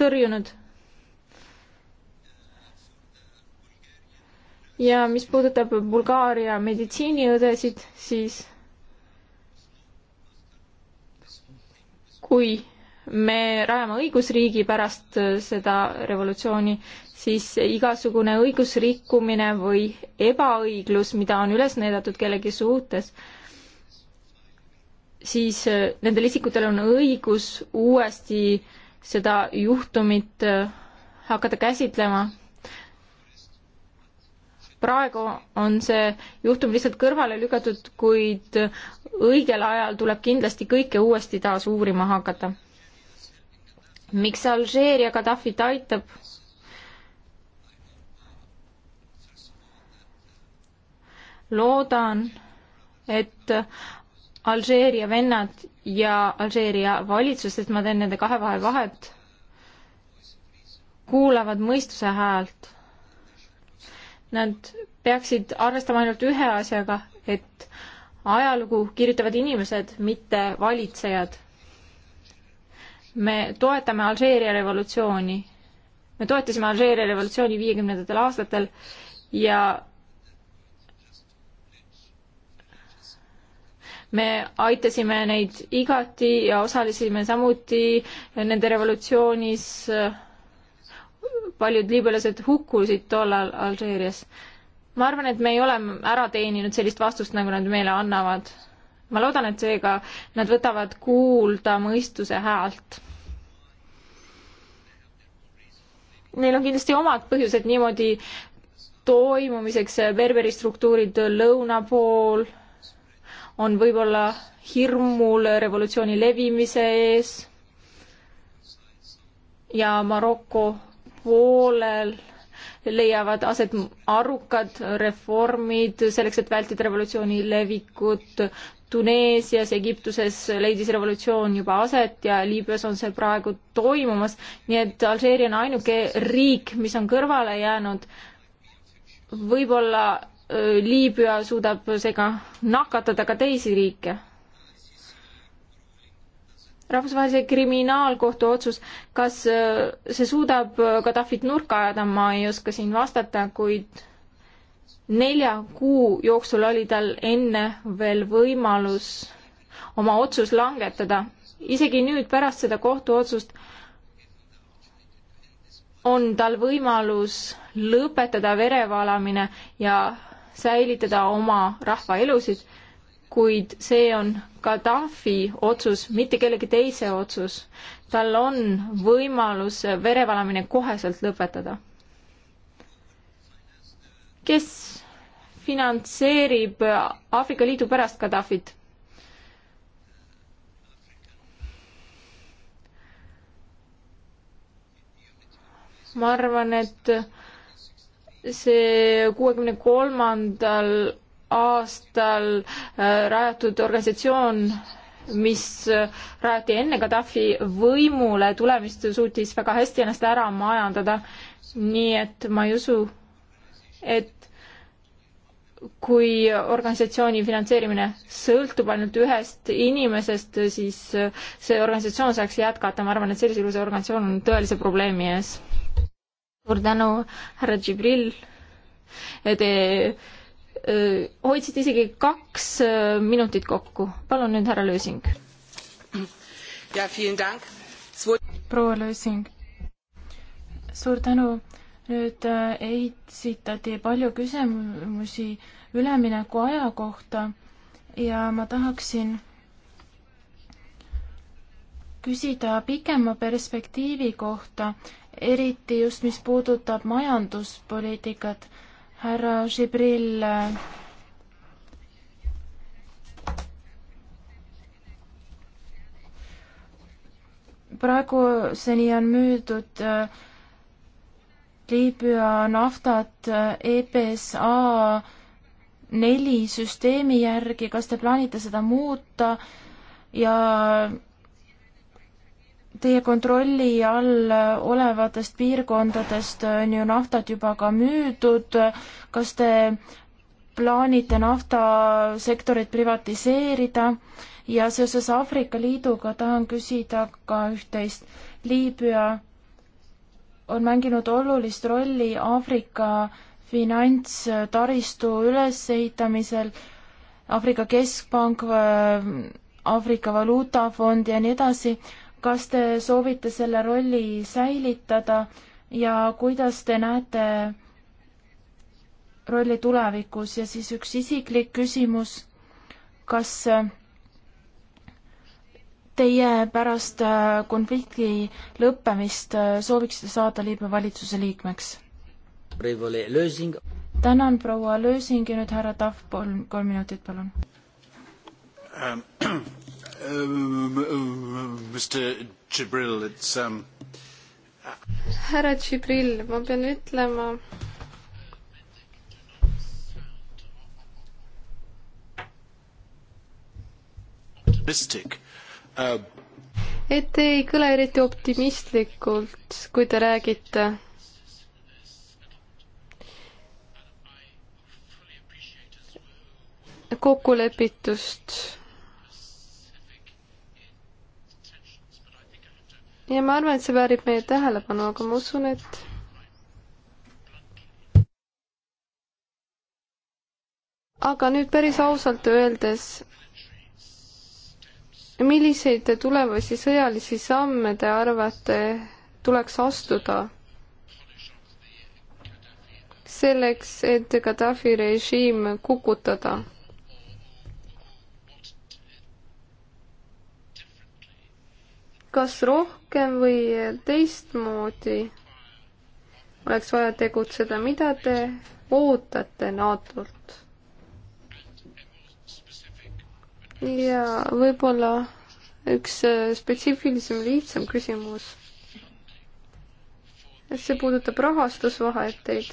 tõrjunud. ja mis puudutab Bulgaaria meditsiiniõdesid, siis kui me rajame õigusriigi pärast seda revolutsiooni, siis igasugune õigusrikkumine või ebaõiglus, mida on üles näidatud kellegi suhtes, siis äh, nendel isikutel on õigus uuesti seda juhtumit äh, hakata käsitlema. praegu on see juhtum lihtsalt kõrvale lükatud, kuid õigel ajal tuleb kindlasti kõike uuesti taas uurima hakata. miks Alžeeria Gaddafit aitab? loodan, et Alžeeria vennad ja Alžeeria valitsus, sest ma teen nende kahe vahel vahet, kuulavad mõistuse häält. Nad peaksid arvestama ainult ühe asjaga, et ajalugu kirjutavad inimesed, mitte valitsejad. me toetame Alžeeria revolutsiooni. me toetasime Alžeeria revolutsiooni viiekümnendatel aastatel ja me aitasime neid igati ja osalesime samuti nende revolutsioonis. paljud liibüalased hukkusid tollal Alžeerias. ma arvan, et me ei ole ära teeninud sellist vastust, nagu nad meile annavad. ma loodan, et seega nad võtavad kuulda mõistuse häält neil on kindlasti omad põhjused niimoodi toimumiseks, berberi struktuurid lõuna pool on võib-olla hirmul revolutsiooni levimise ees ja Maroko poolel leiavad aset arukad reformid selleks, et vältida revolutsiooni levikut. Tuneesias, Egiptuses leidis revolutsioon juba aset ja Liibüas on see praegu toimumas, nii et Alžeeria on ainuke riik, mis on kõrvale jäänud. võib-olla Liibüa suudab seega nakatada ka teisi riike. rahvusvahelise kriminaalkohtu otsus, kas see suudab Gaddafit nurka ajada, ma ei oska siin vastata, kuid nelja kuu jooksul oli tal enne veel võimalus oma otsus langetada. isegi nüüd pärast seda kohtuotsust on tal võimalus lõpetada verevalamine ja säilitada oma rahva elusid, kuid see on Gaddafi otsus, mitte kellegi teise otsus. tal on võimalus verevalamine koheselt lõpetada. kes finantseerib Aafrika Liidu pärast Gaddafit? ma arvan, et see kuuekümne kolmandal aastal äh, rajatud organisatsioon mis äh, rajati enne Gaddafi võimule tulemist, suutis väga hästi ennast ära majandada. nii et ma ei usu, et kui organisatsiooni finantseerimine sõltub ainult ühest inimesest, siis äh, see organisatsioon saaks jätkata, ma arvan, et sellisel juhul see organisatsioon on tõelise probleemi ees suur tänu, härra Džibril. Te äh, hoidsite isegi kaks äh, minutit kokku. palun nüüd, härra Lösing. proua Lösing, suur tänu. nüüd äh, esitati palju küsimusi ülemineku aja kohta ja ma tahaksin küsida pikema perspektiivi kohta eriti just, mis puudutab majanduspoliitikat. härra Žibril äh, praeguseni on müüdud äh, Liibüa naftat äh, EBSA neli süsteemi järgi, kas te plaanite seda muuta ja teie kontrolli all olevatest piirkondadest äh, on ju naftat juba ka müüdud, kas te plaanite naftasektorit privatiseerida ja seoses Aafrika Liiduga tahan küsida ka üht-teist. Liibüa on mänginud olulist rolli Aafrika finantstaristu ülesehitamisel, Aafrika Keskpank, äh, Aafrika Valuutafond ja nii edasi kas te soovite selle rolli säilitada ja kuidas te näete rolli tulevikus ja siis üks isiklik küsimus, kas teie pärast äh, konflikti lõppemist äh, sooviksite saada Liibüa valitsuse liikmeks? tänan, proua Lösing ja nüüd härra Tahv, kolm, kolm minutit, palun ähm.. Mr um, um, Gibril, it's um... härra Gibril, ma pean ütlema, optimistic uh.... et te ei kõla eriti optimistlikult, kui te räägite. kokkulepitust ja ma arvan, et see väärib meie tähelepanu, aga ma usun, et aga nüüd päris ausalt öeldes, milliseid tulevasi sõjalisi samme te arvate tuleks astuda selleks, et Gaddafi režiim kukutada? kas rohkem rohkem või teistmoodi oleks vaja tegutseda, mida te ootate NATO-lt? ja võib-olla üks äh, spetsiifilisem, lihtsam küsimus. see puudutab rahastusvaheteid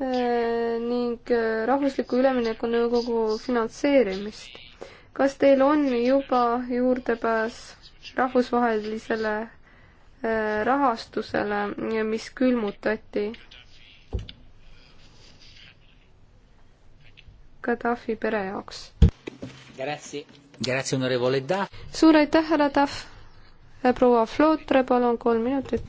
äh, ning äh, Rahvusliku Üleminekunõukogu finantseerimist. kas teil on juba juurdepääs rahvusvahelisele äh, rahastusele, mis külmutati Gaddafi pere jaoks. suur aitäh, härra Tahv! Äh, proua Flootre, palun, kolm minutit.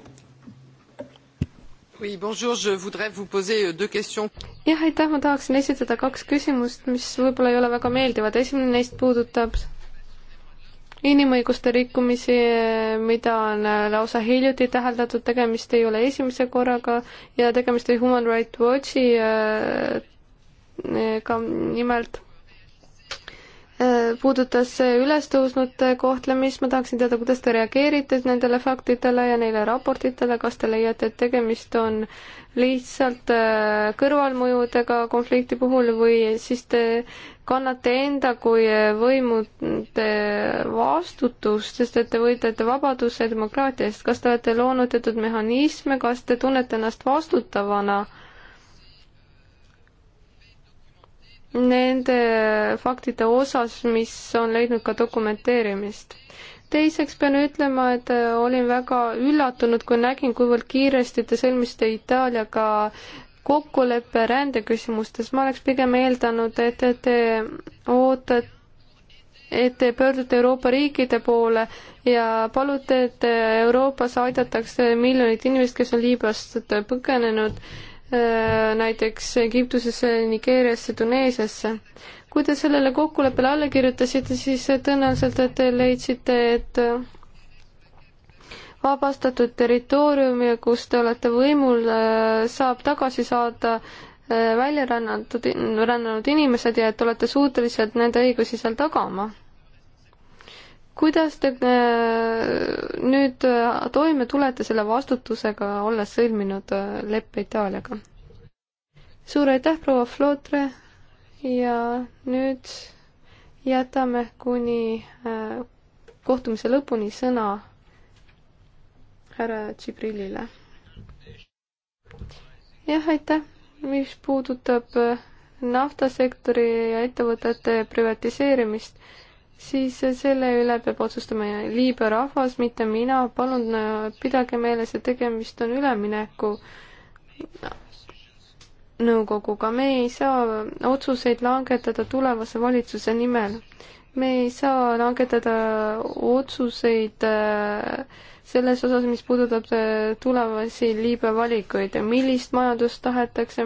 Oui, bonjour, je voudrais vous poser euh, deux questions. jah, aitäh, ma tahaksin esitada kaks küsimust, mis võib-olla ei ole väga meeldivad, esimene neist puudutab inimõiguste rikkumisi, mida on lausa hiljuti täheldatud, tegemist ei ole esimese korraga ja tegemist oli Human Rights Watchi äh, ka nimelt Äh, puudutas see ülestõusnute kohtlemist, ma tahaksin teada, kuidas te reageerite nendele faktidele ja neile raportitele, kas te leiate, et tegemist on lihtsalt äh, kõrvalmõjudega konflikti puhul või siis te kannate enda kui võimude vastutust, sest et te võitlete vabaduse ja demokraatia eest, kas te olete loonud teatud mehhanisme, kas te tunnete ennast vastutavana äh, nende faktide osas, mis on leidnud ka dokumenteerimist. teiseks pean ütlema, et äh, olin väga üllatunud, kui nägin, kuivõrd kiiresti te sõlmisite Itaaliaga kokkuleppe rändeküsimustes. ma oleks pigem eeldanud, et te ootate et te pöördute Euroopa riikide poole ja palute, et Euroopas aidatakse miljonit inimest, kes on Liibüast põgenenud Äh, näiteks Egiptusesse, Nigeeriasse, Tuneesiasse. kui te sellele kokkuleppele alla kirjutasite, siis tõenäoliselt te leidsite, et äh, vabastatud territooriumi, kus te olete võimul, äh, saab tagasi saada välja rännatud, rännanud inimesed ja et olete suutelised nende õigusi seal tagama kuidas te äh, nüüd äh, toime tulete selle vastutusega, olles sõlminud äh, leppe Itaaliaga? suur aitäh, proua Flotre ja nüüd jätame kuni kohtumise lõpuni sõna härra Tšibrillile. jah, aitäh, mis puudutab naftasektori ja ettevõtete privatiseerimist siis selle üle peab otsustama Liibüa rahvas, mitte mina. palun äh, pidage meeles, et tegemist on ülemineku nõukoguga. me ei saa otsuseid langetada tulevase valitsuse nimel. me ei saa langetada otsuseid äh, selles osas, mis puudutab tulevasi Liibüa valikuid, millist majandust tahetakse,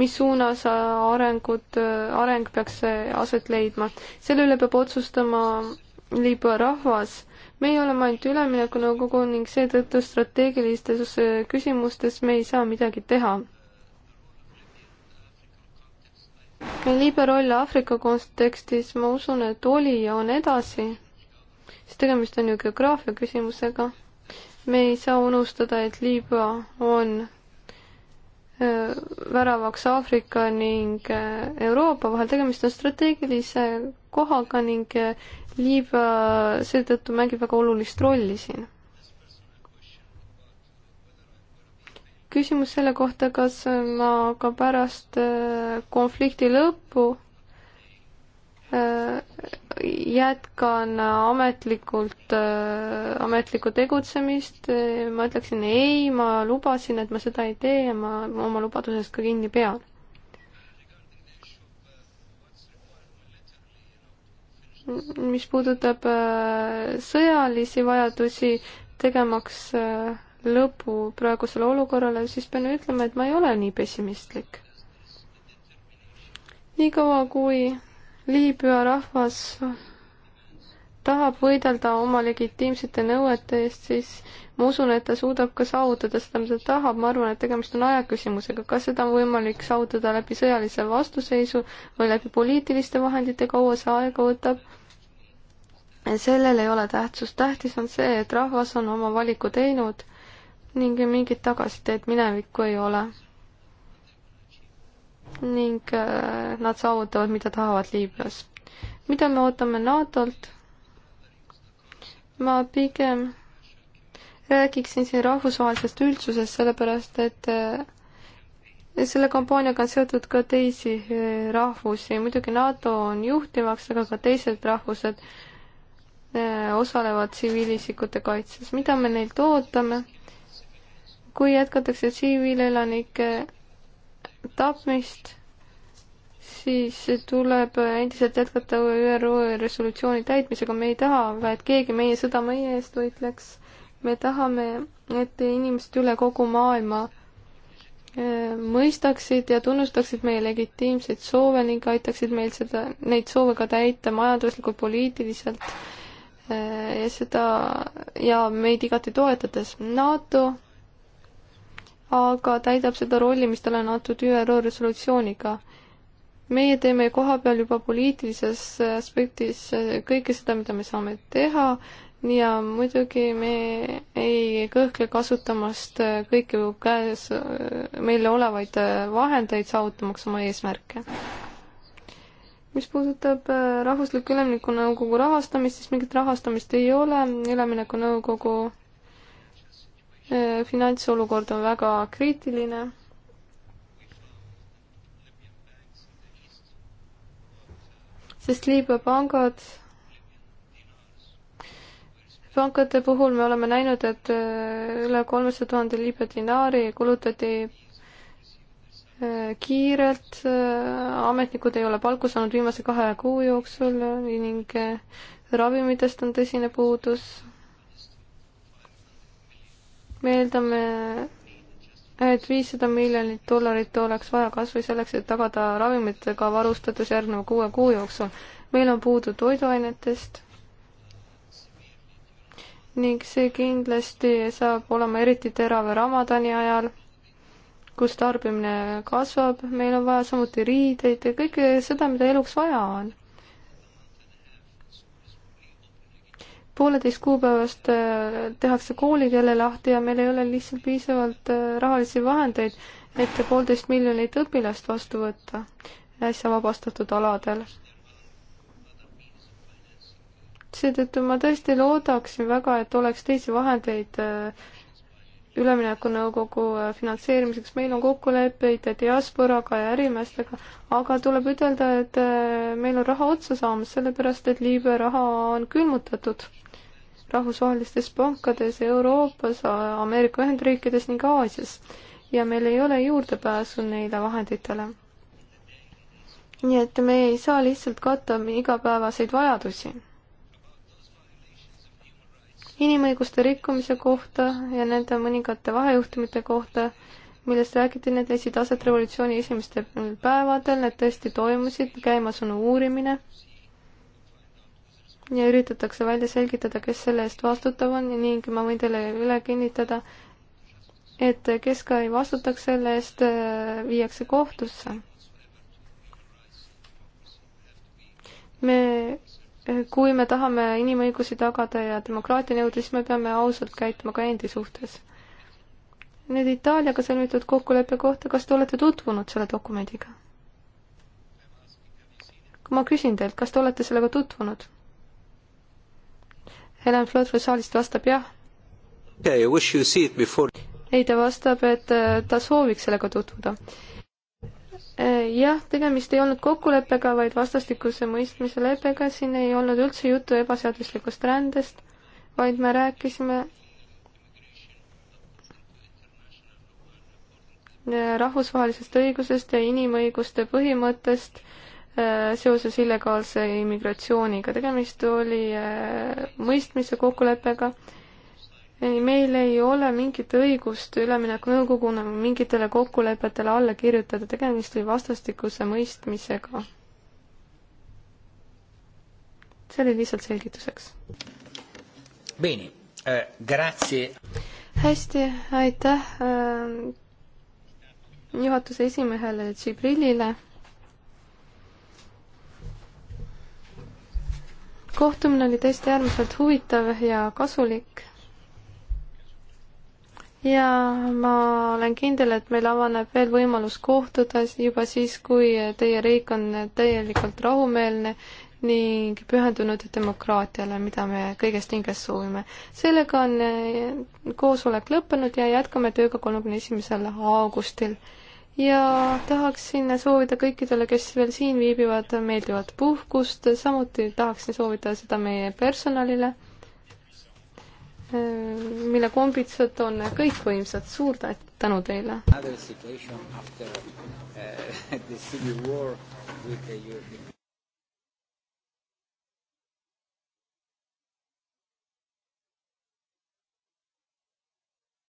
mis suunas arengut, areng peaks aset leidma. selle üle peab otsustama Liibüa rahvas. meie oleme ainult üleminekunõukogu ning seetõttu strateegilistes küsimustes me ei saa midagi teha Liibe roll Aafrika kontekstis, ma usun, et oli ja on edasi, sest tegemist on ju geograafia küsimusega me ei saa unustada, et Liibüa on äh, väravaks Aafrika ning äh, Euroopa vahel, tegemist on strateegilise kohaga ning äh, Liibüa seetõttu mängib väga olulist rolli siin. küsimus selle kohta, kas ma ka pärast konflikti lõppu jätkan ametlikult, äh, ametlikku tegutsemist, ma ütleksin ei, ma lubasin, et ma seda ei tee ja ma oma lubadusest ka kinni pean. mis puudutab äh, sõjalisi vajadusi, tegemaks äh, lõpu praegusele olukorrale, siis pean ütlema, et ma ei ole nii pessimistlik. niikaua, kui Liibüa rahvas tahab võidelda oma legitiimsete nõuete eest, siis ma usun, et ta suudab ka saavutada seda, mida ta tahab, ma arvan, et tegemist on aja küsimusega, kas seda on võimalik saavutada läbi sõjalise vastuseisu või läbi poliitiliste vahendite, kaua see aega võtab. sellel ei ole tähtsust, tähtis on see, et rahvas on oma valiku teinud ning mingit tagasiteed minevikku ei ole ning äh, nad saavutavad, mida tahavad Liibüas. mida me ootame NATO-lt? ma pigem räägiksin siin rahvusvahelisest üldsusest, sellepärast et äh, selle kampaaniaga on seotud ka teisi äh, rahvusi, muidugi NATO on juhtivaks, aga ka teised rahvused osalevad tsiviilisikute kaitses. mida me neilt ootame? kui jätkatakse tsiviilelanike tapmist, siis tuleb endiselt jätkata ÜRO resolutsiooni täitmisega, me ei taha, et keegi meie sõda meie eest võitleks. me tahame, et inimesed üle kogu maailma äh, mõistaksid ja tunnustaksid meie legitiimseid soove ning aitaksid meil seda, neid soove ka täita majanduslikult, poliitiliselt äh, ja seda ja meid igati toetades. NATO aga täidab seda rolli, mis talle on antud ÜRO resolutsiooniga. meie teeme kohapeal juba poliitilises aspektis kõike seda, mida me saame teha ja muidugi me ei kõhkle kasutamast kõiki käes meile olevaid vahendeid, saavutamaks oma eesmärke. mis puudutab äh, Rahvusliku Ülemniku Nõukogu rahastamist, siis mingit rahastamist ei ole, Ülemniku Nõukogu Äh, finantsolukord on väga kriitiline. sest Liibüa pangad, pankade puhul me oleme näinud, et äh, üle kolmesaja tuhande Liibüa dinaari kulutati äh, kiirelt, ametnikud ei ole palku saanud viimase kahe kuu jooksul ning ravimitest on tõsine puudus me eeldame, et viissada miljonit dollarit oleks vaja kas või selleks, et tagada ravimitega varustatus järgneva kuue kuu jooksul. meil on puudu toiduainetest ning see kindlasti saab olema eriti terav Ramadani ajal, kus tarbimine kasvab, meil on vaja samuti riideid ja kõike seda, mida eluks vaja on pooleteist kuupäevast äh, tehakse koolikeele lahti ja meil ei ole lihtsalt piisavalt äh, rahalisi vahendeid, et poolteist miljonit õpilast vastu võtta äsja vabastatud aladel. seetõttu ma tõesti loodaksin väga, et oleks teisi vahendeid äh, üleminekunõukogu finantseerimiseks, meil on kokkuleppeid diasporaga ja ärimeestega, aga tuleb ütelda, et meil on raha otsa saamas, sellepärast et Liibüa raha on külmutatud rahvusvahelistes pankades Euroopas, Ameerika Ühendriikides ning Aasias ja meil ei ole juurdepääsu neile vahenditele. nii et me ei saa lihtsalt katta igapäevaseid vajadusi. inimõiguste rikkumise kohta ja nende mõningate vahejuhtumite kohta millest räägiti, need leidsid aset revolutsiooni esimestel päevadel, need tõesti toimusid, käimas on uurimine ja üritatakse välja selgitada, kes selle eest vastutav on ning ma võin teile üle kinnitada, et kes ka ei vastutaks selle eest, viiakse kohtusse. me, kui me tahame inimõigusi tagada ja demokraatia nõuda, siis me peame ausalt käituma ka endi suhtes. nüüd Itaaliaga sõlmitud kokkuleppe kohta, kas te olete tutvunud selle dokumendiga? ma küsin teilt, kas te olete sellega tutvunud? Helen Flotre saalist vastab jah yeah,. ei, ta vastab, et äh, ta sooviks sellega tutvuda. Äh, jah, tegemist ei olnud kokkuleppega, vaid vastastikuse mõistmise leppega, siin ei olnud üldse juttu ebaseaduslikust rändest, vaid me rääkisime äh, rahvusvahelisest õigusest ja inimõiguste põhimõttest Äh, seoses illegaalse immigratsiooniga. tegemist oli äh, mõistmise kokkuleppega. ei, meil ei ole mingit õigust üleminekunõukoguna mingitele kokkulepetele alla kirjutada, tegemist oli vastastikuse mõistmisega. see oli lihtsalt selgituseks. Bene äh,, grazie. hästi, aitäh äh, juhatuse esimehele Tšibrillile kohtumine oli tõesti äärmiselt huvitav ja kasulik. ja ma olen kindel, et meil avaneb veel võimalus kohtuda juba siis, kui teie riik on täielikult rahumeelne ning pühendunud demokraatiale, mida me kõigest hingest soovime. sellega on eh, koosolek lõppenud ja jätkame tööga kolmekümne esimesel augustil ja tahaksin soovida kõikidele, kes veel siin viibivad, meeldivat puhkust, samuti tahaksin soovida seda meie personalile, äh, mille kombitsad on kõikvõimsad, suur tänu teile!